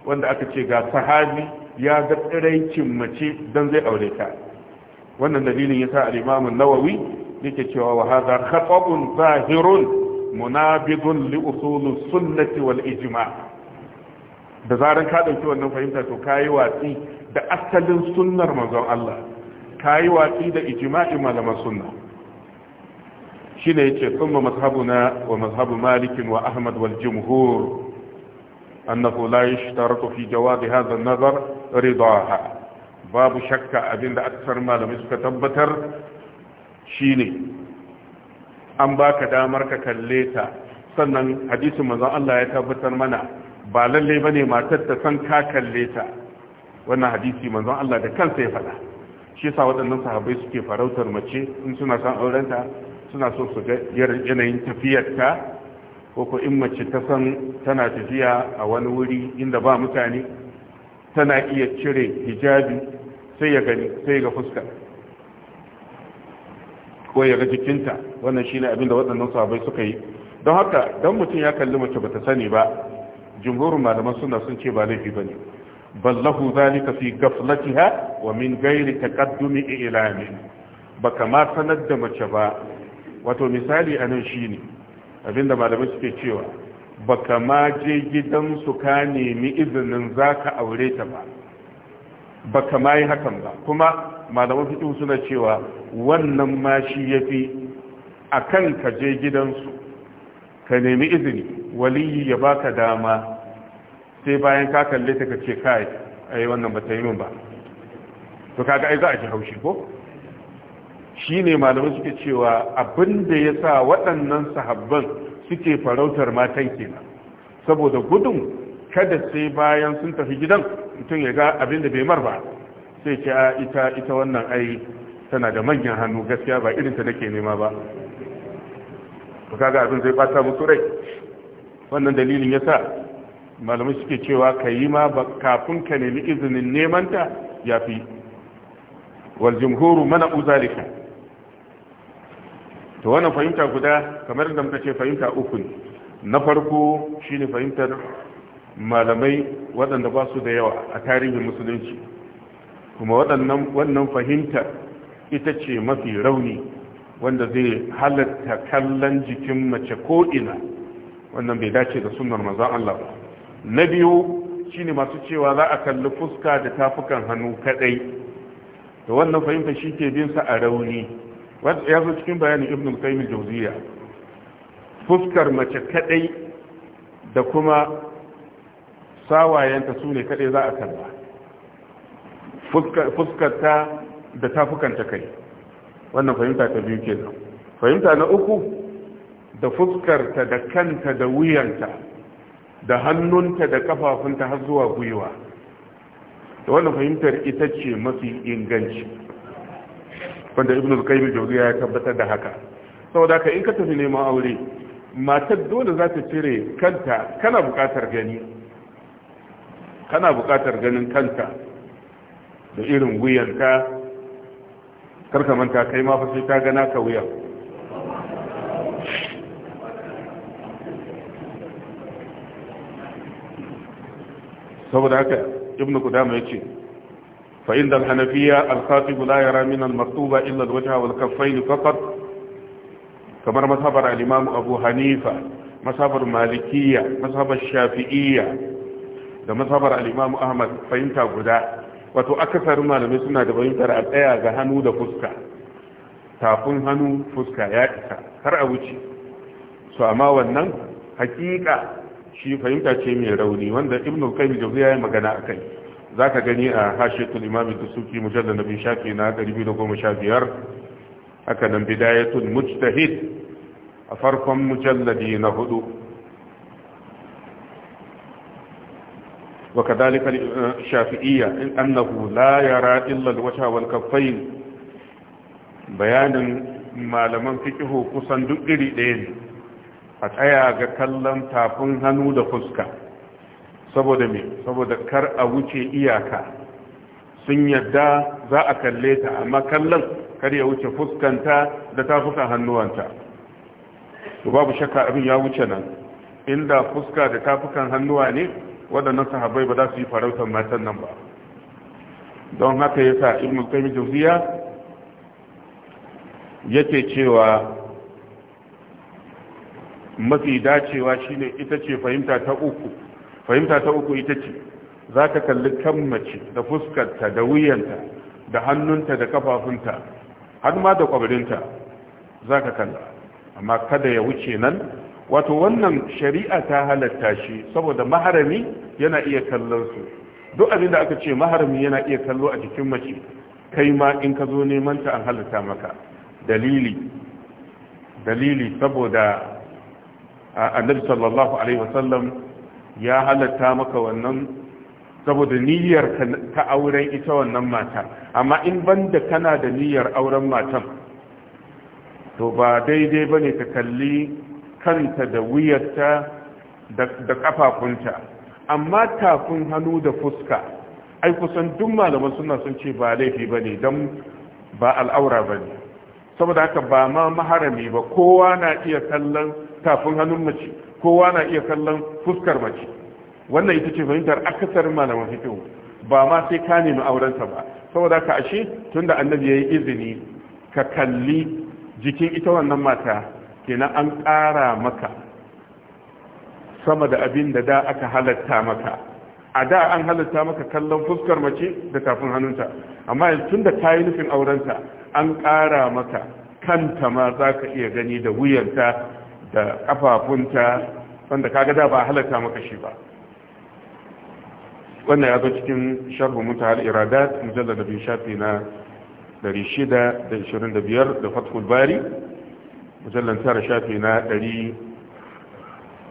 wanda aka ce ga sahabi ya ga tsiraicin mace don zai aure ta wannan dalilin ya sa al'imamun nawawi yake cewa wa haza khatabun zahirun munabidun li usulus sunnati wal ijma da zaran ka dauki wannan fahimta to kayi watsi da asalin sunnar manzon Allah kayi watsi da ijma'i malaman sunna shine yace mazhabu na wa mazhabu malikin wa ahmad wal jumhur annahu la yashtaratu fi jawaz hadha an-nazar ridaha babu shakka abinda aksar malamai suka tabbatar shine an baka damar ka kalle ta sannan hadisin manzon Allah ya tabbatar mana ba lalle bane matar ta san ka kalle ta wannan hadisi manzon Allah da kansa ya faɗa shi yasa waɗannan sahabbai suke farautar mace in suna san aurenta suna so su ga yanayin tafiyarta ko ko in mace ta san tana tafiya a wani wuri inda ba mutane tana iya cire hijabi sai ya gani sai ga fuska ko ya ga jikinta wannan shine abin da waɗannan sahabbai suka yi don haka dan mutum ya kalli mace bata sani ba jumhurin malaman suna sun ce ba laifi bane ballahu zalika fi ghaflatiha wa min ghairi taqaddumi ilani baka ma sanar da mace ba wato misali a nan shi ne abinda malamai suke cewa baka ma je gidansu ka nemi izinin za ka aure ta ba baka ma yi hakan ba kuma malaman fikin suna cewa wannan ma shi ya fi a kan ka je gidansu ka nemi izini waliyi ya baka dama sai bayan ka kalle ta ka ce kai a yi wannan ba ta yi min ba to kaga ai za a ji haushi ko Shi ne malamai suke cewa abin da ya sa waɗannan sahabban suke farautar matan kenan saboda gudun kada sai bayan sun tafi gidan mutum ya ga abin da bai mar ba sai ce a ita ita wannan ai tana da manyan hannu gaskiya ba irin ta nake nema ba ka ga abin zai bata musu rai wannan dalilin ya sa malamai suke cewa ka yi ma kafin ka nemi izinin nemanta ta fi wal jumhuru mana uzalika to wannan fahimta guda kamar da muka ce fahimta uku ne na farko shine fahimtar malamai waɗanda ba su da yawa a tarihin musulunci kuma waɗannan wannan fahimta ita ce mafi rauni wanda zai halatta kallon jikin mace ko'ina wannan bai dace da sunnar mazan Allah ba na biyu shine masu cewa za a kalli fuska da tafukan hannu kadai da wannan fahimta shi ke bin sa a rauni ya zo cikin bayanin ibn qayyim jawziya fuskar mace kadai da kuma sawayenta su ne kadai za a kalla fuskar ta da tafukanta kai wannan fahimta ta biyu nan. fahimta na uku da fuskarta da kanta da wuyanta da hannunta da kafafunta har zuwa gwiwa da wannan fahimtar ita ce mafi inganci wanda ibn al-qayyim jawziya ya tabbatar da haka saboda ka in ka tafi neman aure matar dole za ta cire kanta kana buƙatar gani kana buƙatar ganin kanta da irin wuyanka karka manta kai ma fa sai ta gana ka wuya. saboda haka ibn kudama ya فإن الحنفية الخاطب لا يرى من المكتوبة إلا الوجه والكفين فقط كما مذهب الإمام أبو حنيفة مذهب المالكية مذهب الشافعية da mazhabar al Ahmad fahimta guda wato akasarin malamai suna da fahimtar a tsaya ga hannu da fuska tafin hannu fuska ya isa har a wuce su amma wannan hakika shi fahimta ce mai rauni wanda Ibn Qayyim Jawziya ya magana kai. za ka gani a hashetul imamin da suke mujallar nabi shafi na 2015 haka nan bidayatul mujtahid a farkon mujalladi na hudu Baka kadalikar eh, shafi'iyya in annahu la yara illal wata wal bayanin malaman fikihu kusan duk iri ɗaya ne a tsaya ga kallon tafin hannu da fuska saboda me saboda kar a wuce iyaka sun yadda za a kalle ta amma kallon kar ya wuce fuskanta da tafukan hannuwanta to babu shakka abin ya wuce nan inda fuska da tafukan hannuwa ne waɗannan sahabbai ba za su yi farautar matan nan ba don haka yasa ibnu qayyim juziya yake cewa mafi dacewa shine ita ce fahimta ta uku fahimta ta uku ita ce za ka kalli kan mace da fuskarta da wuyanta da hannunta da kafafunta har ma da kwabirinta za ka kalla amma kada ya wuce nan wato wannan shari'a ta halatta shi saboda maharami yana iya kallon su duk abin da aka ce maharami yana iya kallo a jikin mace kai ma in ka zo neman ta an halatta maka dalili dalili saboda annabi sallallahu alaihi wasallam ya halatta maka wannan saboda niyyar ta auren ita wannan matar. amma in banda kana da niyyar auren matan to ba daidai ba ne ka kalli kanta da wuyarta da kafafunta amma tafin hannu da fuska ai kusan duk malaman suna sun ce ba laifi ba ne don ba al'aura ba ne saboda haka ba ma maharami ba kowa na iya kallon tafin hannun mace kowa na iya kallon fuskar mace wannan ita ce fahimtar akasar malaman fito ba ma sai ka nemi aurensa ba saboda ka ashe tunda annabi yayi izini ka kalli jikin ita wannan mata kenan an ƙara maka sama da abin da da aka halatta maka a da an halatta maka kallon fuskar mace da tafin hannunta amma tun da ta yi nufin aurenta an ƙara maka kanta ma za ka iya gani da wuyanta da kafafunta wanda kaga da ba halatta maka shi ba wannan ya zo cikin sharhu mutahal iradat mujallad bin shafi na 625 da fathul bari mujallad tara shafi na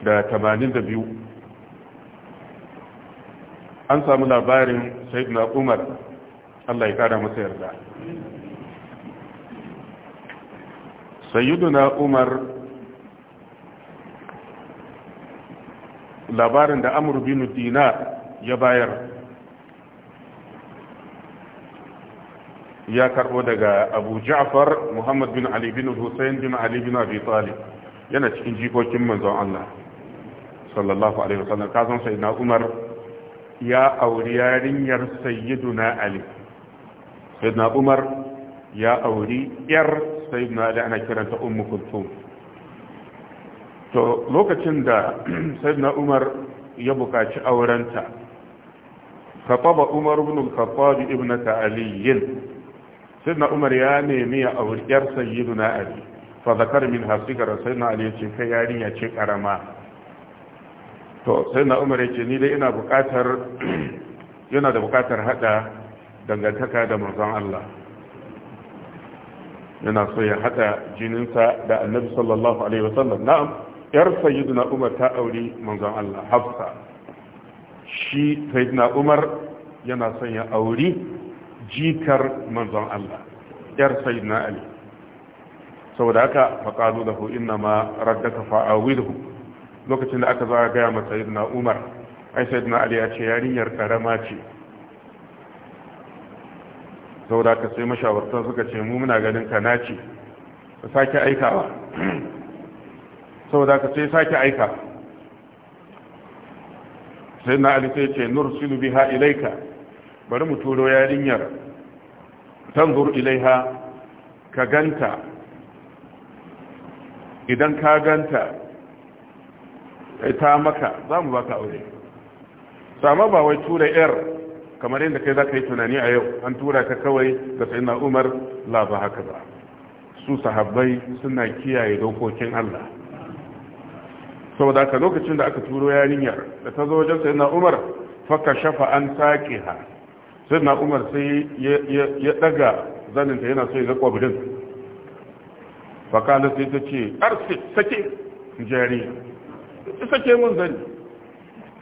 182 an samu labarin na umar Allah ya kara masa yarda sayyiduna umar labarin da amur bin dinar ya bayar ya karbo daga abu ja'far muhammad bin ali bin hussein bin ali bin abi talib yana cikin jikokin manzon allah sallallahu alaihi wasallam kazan sai na umar ya auri yarinyar sayyiduna ali sayyiduna umar ya auri yar sayyiduna ali ana kiranta ummu kulthum to lokacin da sayyidina umar ya buƙaci aurenta Kafaba umar ibn al-khattab ibn ta'aliyin sayyidina umar ya nemi ya auri yar sayyiduna ali fa zakar min hasigar sayyidina ali ya ce kai yarinya ce karama to sayyidina umar ya ce ni dai ina buƙatar yana da buƙatar hada dangantaka da manzon Allah yana so ya hada jininsa da annabi sallallahu alaihi wasallam na'am yar sayyiduna umar ta auri manzon Allah hafsa shi sayyiduna umar yana son ya auri jikar manzon Allah yar sayyiduna ali saboda haka faqalu lahu inna ma raddaka fa'awidhu lokacin da aka zo ga ya sayyiduna umar ai sayyiduna ali ya ce yarinyar karama ce saboda haka sai mashawartan suka ce mu muna ganin kana ce ka sake aikawa saboda ka sai sake aika sai na ali sai ce nursilu biha ilaika bari mu turo yarinyar tanzur ilaiha ka ganta idan ka ganta ta maka za mu ba ka aure sama ba wai tura yar kamar yadda kai za ka yi tunani a yau an tura ka kawai da sai na umar la ba haka ba su sahabbai suna kiyaye dokokin allah saboda aka lokacin da aka turo yarinyar da ta zo wajen na Umar faka shafa an sai na Umar sai ya daga zaninta yana so ya ga kwabrin fakala sai ta ce arsi sake jariya sake mun zani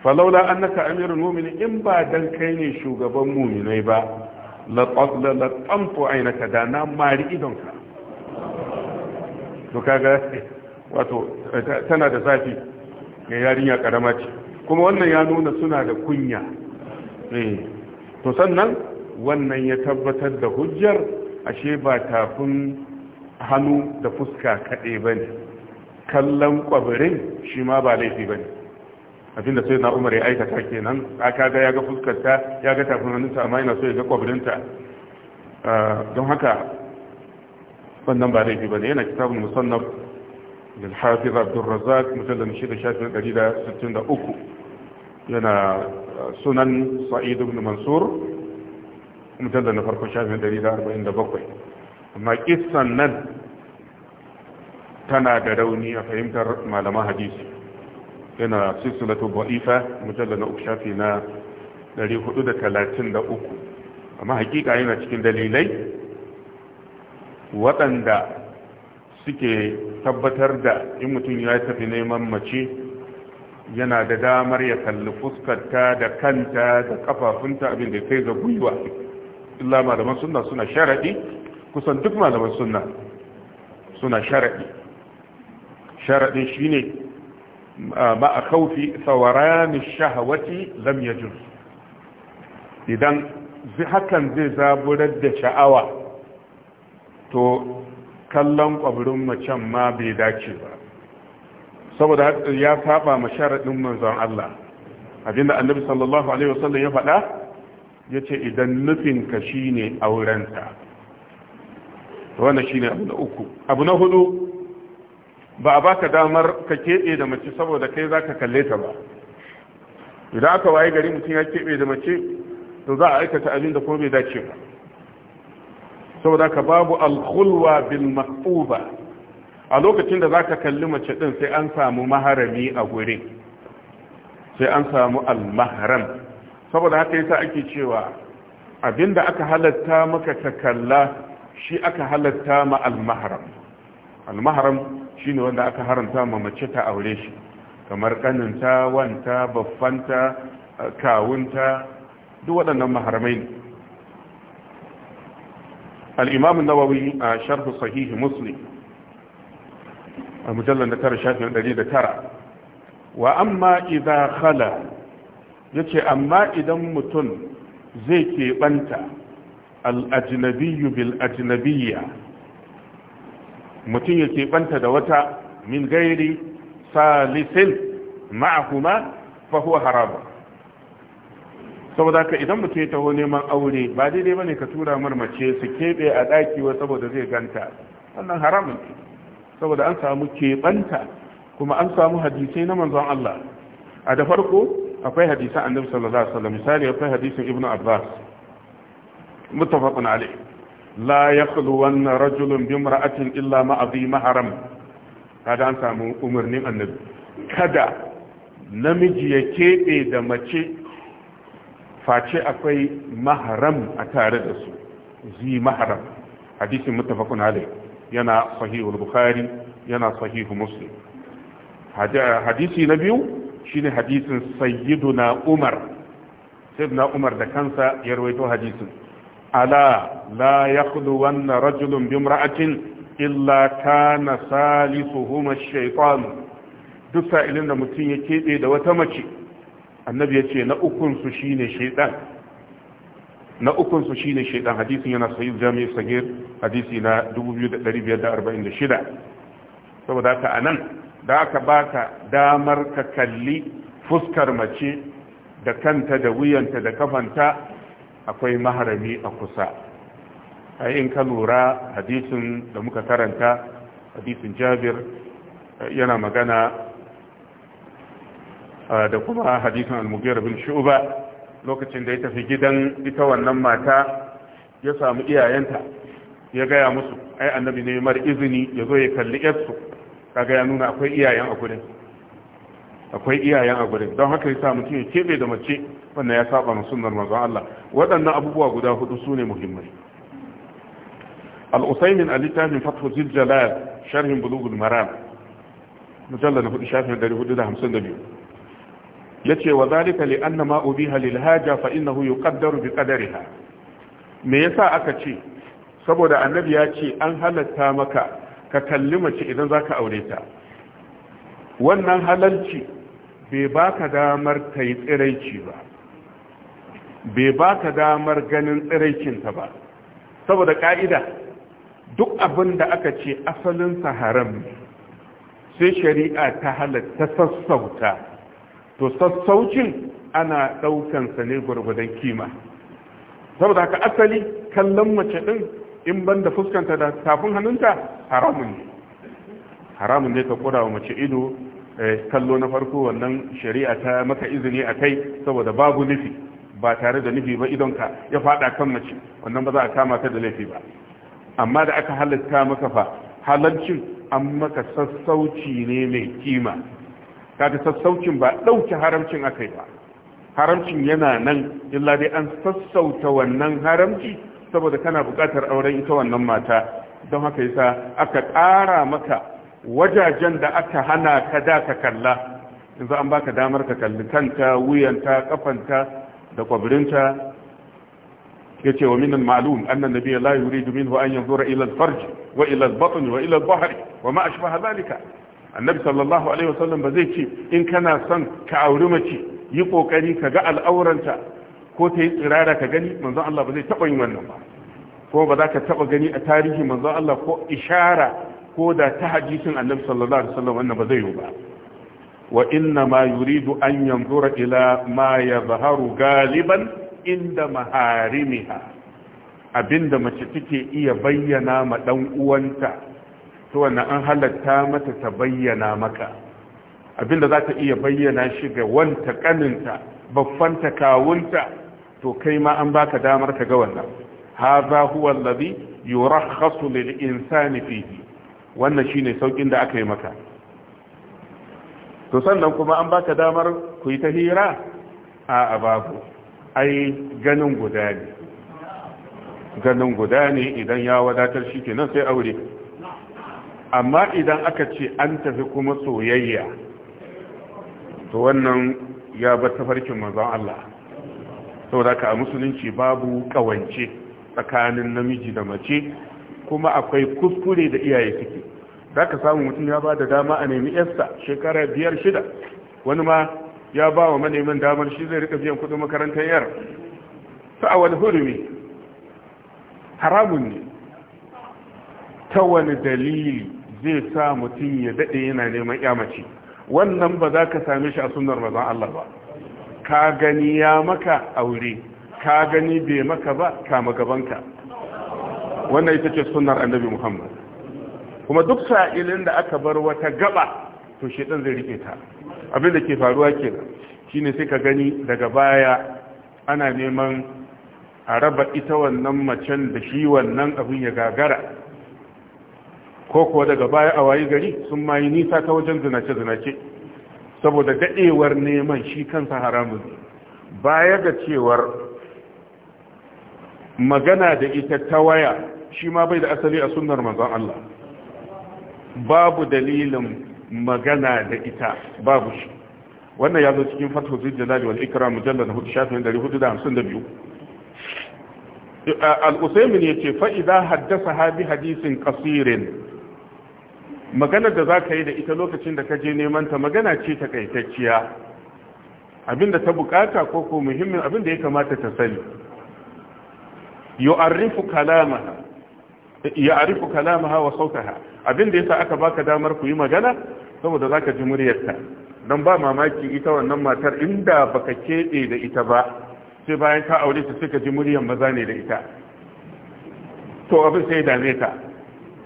falaula naka amirul mu'minin in ba dan kai ne shugaban mu'minai ba la tsamto ainaka da na mari idonka to kaga wato tana da zafi ga yarinya karama ce kuma wannan ya nuna suna da kunya eh, to sannan wannan ya tabbatar da hujjar ashe ba tafin hannu da fuska kaɗe ba ne kallon ƙwabirin shi ma ba laifi ba ne abinda sai na umar ya aikata kenan aka ga ya ga fuskarta ya ga tafin hannunta amma yana so ya ga ta ah, don haka wannan ba laifi ba ne yana kitabun musamman للحافظ عبد الرزاق مجلد شيخ شافعي الدليل 63 ينا سنن سعيد بن منصور مجلد فرق شافعي الدليل 47 amma kissan nan tana da rauni a fahimtar malaman hadisi yana silsilatu ba'ifa mujallad na uku shafi na 433 amma hakika yana cikin dalilai waɗanda suke tabbatar da in mutum ya tafi neman mace yana da damar ya kalli fuskarta da kanta da kafafunta abin da kai ga gwiwa illa malaman sunna suna sharadi kusan duk malaman sunna suna sharadi shi shine ba a kaufi tsawarani shahawati lam yajuz idan hakan zai zaburar da sha'awa to kallon ƙwabirin macen ma bai dace ba saboda ya saba ma sharaɗin manzon Allah abinda annabi sallallahu alaihi wasallam ya faɗa ya ce idan nufinka shi ne aurenta wannan shi ne abu na uku abu na hudu ba a baka damar ka keɓe da mace saboda kai za ka kalle ta ba idan aka waye gari mutum ya keɓe da mace to za a aikata abin da kuma bai dace ba saboda ka babu alkhulwa bil maquba a lokacin da zaka kalli mace din sai an samu maharami a gure sai an samu mahram saboda haka yasa ake cewa abinda aka halatta maka ka kalla shi aka halatta ma al mahram shine wanda aka haramta ma mace ta aure shi kamar kaninta wanta baffanta kawunta duk waɗannan maharamai ne al-imam an-nawawi a sharh sahih muslim a mujallal da tara shafin 109 wa amma idza khala yace amma idan mutum zai keɓanta al bil ajnabiyya mutum ya keɓanta da wata min gairi salisin ma'ahuma fa huwa saboda ka idan mutum ya taho neman aure ba daidai bane ka tura mar mace su keɓe a ɗaki wa saboda zai ganta wannan haramun ne saboda an samu keɓanta kuma an samu hadisai na manzon Allah a da farko akwai hadisan annabi sallallahu alaihi wasallam misali akwai hadisin ibnu abbas muttafaqun alaihi la yakhluwanna rajulun bi imra'atin illa ma adhi mahram kada an samu umarnin annabi kada namiji ya keɓe da mace face akwai maharam a tare da su zi mahram hadisin muttafaqun alayh yana sahihul bukhari yana sahihu muslim hadisi na biyu shine hadisin sayyiduna umar sayyiduna umar da kansa ya rawaito hadisin ala la yakhlu wanna rajulun bi imra'atin illa kana salisuhuma ash-shaytan duk sa'ilin da mutum ya kebe da wata mace annabi ya ce na ukunsu shi ne shaidan na ukunsu shi ne shaidan hadisin yana sayi jami'ar sagir hadisi na 2546 saboda haka a nan da aka baka damar ka kalli fuskar mace da kanta da wuyanta da kafanta akwai maharami a kusa ai in ka lura hadisin da muka karanta hadisin jabir yana magana da kuma hadisin al bin shu'ba lokacin da ya tafi gidan ita wannan mata ya samu iyayenta ya gaya musu ai annabi ne mar izini ya zo ya kalli yarsu kaga ya nuna akwai iyayen a gurin akwai iyayen a gurin don haka yasa mutum ya kebe da mace wannan ya saba ma sunnar manzon Allah waɗannan abubuwa guda hudu sune muhimmai al-usaymin al-litafin fathu zil jalal sharhin bulughul maram mujallad 4 shafin yace wa zalika li anna ma ubiha lil haja fa innahu yuqaddaru bi qadariha me yasa aka ce saboda annabi ya ce an halatta maka ka kalli mace idan zaka aure ta wannan halalci bai baka damar kai tsiraici ba bai baka damar ganin tsiraicinta ba saboda ka'ida duk abin da aka ce asalinsa haram sai shari'a ta halatta sassauta to sassaucin ana ɗaukan sa ne gwargwadon kima saboda haka asali kallon mace ɗin in ban da fuskanta da tafin hannunta haramun ne haramun ne ka kura wa mace ido eh, kallo na farko wannan shari'a ta maka izini a kai saboda babu nufi ba tare da nufi ba idonka ya fada kan mace wannan ba za a kama ta da laifi ba amma da aka halatta maka fa halancin an maka sassauci ne mai kima ta sassaucin ba ɗauke haramcin yi ba haramcin yana nan illa dai an sassauta wannan haramci saboda kana buƙatar auren ita wannan mata don haka yasa aka ƙara maka wajajen da aka hana ka da ka kalla yanzu an baka damar ka kalli kanta wuyanta kafanta da kwabirinta ce wa min al-ma'lum anna la yuridu minhu an yanzura ila al-farj wa ila al-batn wa ila al-bahr wa ma ashbaha dhalika annabi sallallahu alaihi wasallam ba zai ce in kana son ka auri mace yi kokari ka ga al'auranta ko ta yi tsirara ka gani manzon Allah ba zai taba yin wannan ba ko ba za ka taba gani a tarihi manzon Allah ko ishara ko da ta hadisin annabi sallallahu alaihi wasallam wannan ba zai yi ba wa inna ma yuridu an yanzura ila ma yadhharu galiban inda maharimiha abinda mace take iya bayyana ma dan uwanta Su wannan an halatta mata ta bayyana maka abinda za ta iya bayyana shi ga wanta kaninta baffanta kawunta to kai ma an baka damar ka ga wannan hadha huwa da yurakhasu lil insani fihi wannan shine saukin da aka yi maka to sannan kuma an baka damar ku yi ta hira a ababu ai ganin guda ne ganin guda ne idan ya wadatar shi kenan sai aure amma idan aka ce an tafi kuma soyayya to wannan ya ba tafarkin manzon Allah saboda ka a musulunci babu kawance tsakanin namiji da mace kuma akwai kuskure da iyaye suke za ka samu mutum ya ba da dama a nemi yarsa shekara biyar shida wani ma ya ba wa manemin damar shi zai rika biyan kudin makarantar yar awal hurumi haramun ne ta wani dalili zai sa mutum ya daɗe yana neman yamaci wannan ba za ka same shi a sunar mazan Allah ba ka gani ya maka aure ka gani bai maka ba kama gabanka wannan ita ce sunar annabi muhammad kuma duk sa'ilin da aka bar wata gaba to ɗan zai rike ta abin da ke faruwa kenan shine sai ka gani daga baya ana neman a raba ita wannan macen da shi wannan abin ya gagara ko kuwa daga baya a wayi gari sun ma nisa ta wajen zinace-zinace saboda daɗewar neman shi kansa haramun baya ga cewar magana da ita ta waya shi ma bai da asali a sunar manzon Allah babu dalilin magana da ita babu shi wannan ya zo cikin fatwa zijjalali wal ikram mujallad al-usaymin yace fa idza haddasa bi hadisin qasirin maganar da za ka yi da ita lokacin da ka je neman ta magana ce takaitacciya abinda ta bukata ko ko muhimmin abinda ya kamata ta sani yu'arrifu kalamaha ya'rifu kalamaha wa sautaha abinda yasa aka baka damar ku yi magana saboda zaka ji muryarta dan ba mamaki ita wannan matar inda baka kebe da ita ba sai bayan ka aure ta suka ji muryar maza ne da ita to abin sai dame ta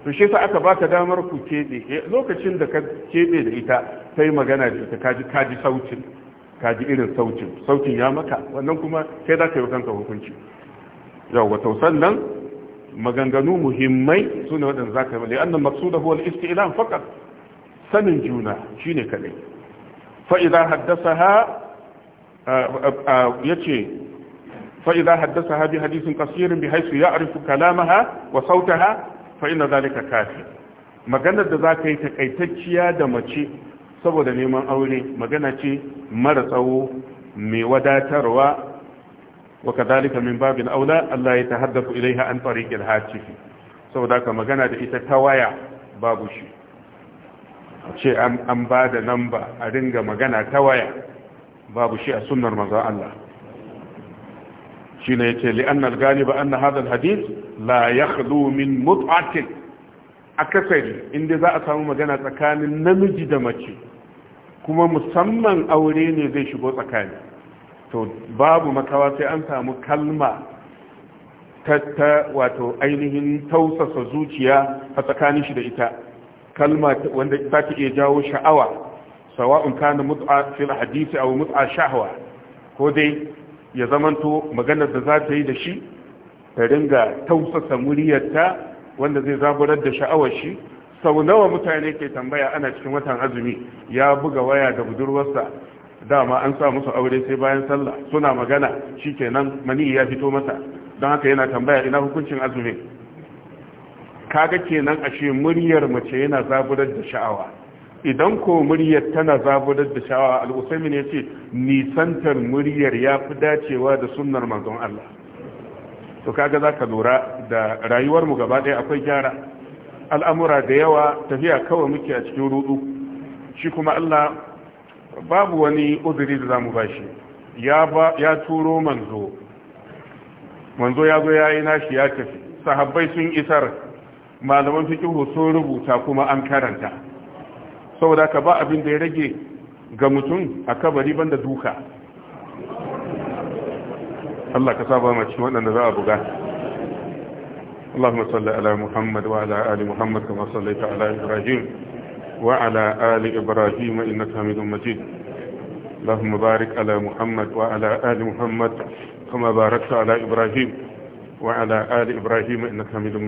to shi sa aka baka damar ku keɓe eh, lokacin da ka keɓe da ita sai magana da ita kaji kaji sautin kaji irin sautin sautin ya maka wannan kuma sai za ka yi kanka hukunci yau wata sannan maganganu muhimmai su ne waɗanda za ka yi annan maksuda huwa al-istilam faqat sanin juna shi shine kadai fa idza haddathaha yace fa idza haddathaha bi hadithin qasirin bi haythu ya'rifu kalamaha wa sautaha fa inna zalika kafi maganar da zaka yi takaitacciya da mace saboda neman aure magana ce mara tsawo mai wadatarwa wa zalika min babin aula Allah ya tahaddathu ilaiha an tariqil hatifi saboda ka magana da ita ta waya babu shi ce an ba da namba a ringa magana ta waya babu shi a sunnar manzon Allah shine yace ce anna al-ghaliba anna hadha al-hadith la yakhlu min mut'atin akasari inda za a samu magana tsakanin namiji da mace kuma musamman aure ne zai shigo tsakani to babu makawa sai an samu kalma ta wato ainihin tausasa zuciya a tsakanin shi da ita kalma wanda za ta iya jawo sha'awa sawa'un kana mut'a fil hadisi aw mut'a shahwa ko dai ya zamanto maganar da za ta yi da shi ta ringa tausasa muryarta wanda zai zaburar da sha'awar shi sau nawa mutane ke tambaya ana cikin watan azumi ya buga waya da budurwarsa dama an sa musu aure sai bayan sallah suna magana shikenan mani ya fito mata don haka yana tambaya ina hukuncin azumin kaga kenan ashe muryar mace yana zaburar da sha'awa idan ko muryar tana zabudar da shawa al ne ya ce nisantar muryar ya fi dacewa da sunnar manzon Allah to kaga za ka lura da mu gaba ɗaya akwai gyara al'amura da yawa tafiya kawai muke a cikin rudu shi kuma Allah babu wani uzuri da za mu ba ya turo manzo manzo ya zo ya yi nashi ya tafi sahabbai sun isar malaman fikihu sun rubuta kuma an karanta saboda ka ba abin da ya rage ga mutum a kabari banda duka Allah ka saba mace waɗanda za a buga Allahumma salli ala Muhammad wa ali Muhammad kama sallaita ala Ibrahim wa ali Ibrahim innaka hamidum Allahumma barik ala Muhammad wa ali Muhammad kama barakta ala Ibrahim wa ali Ibrahim innaka hamidum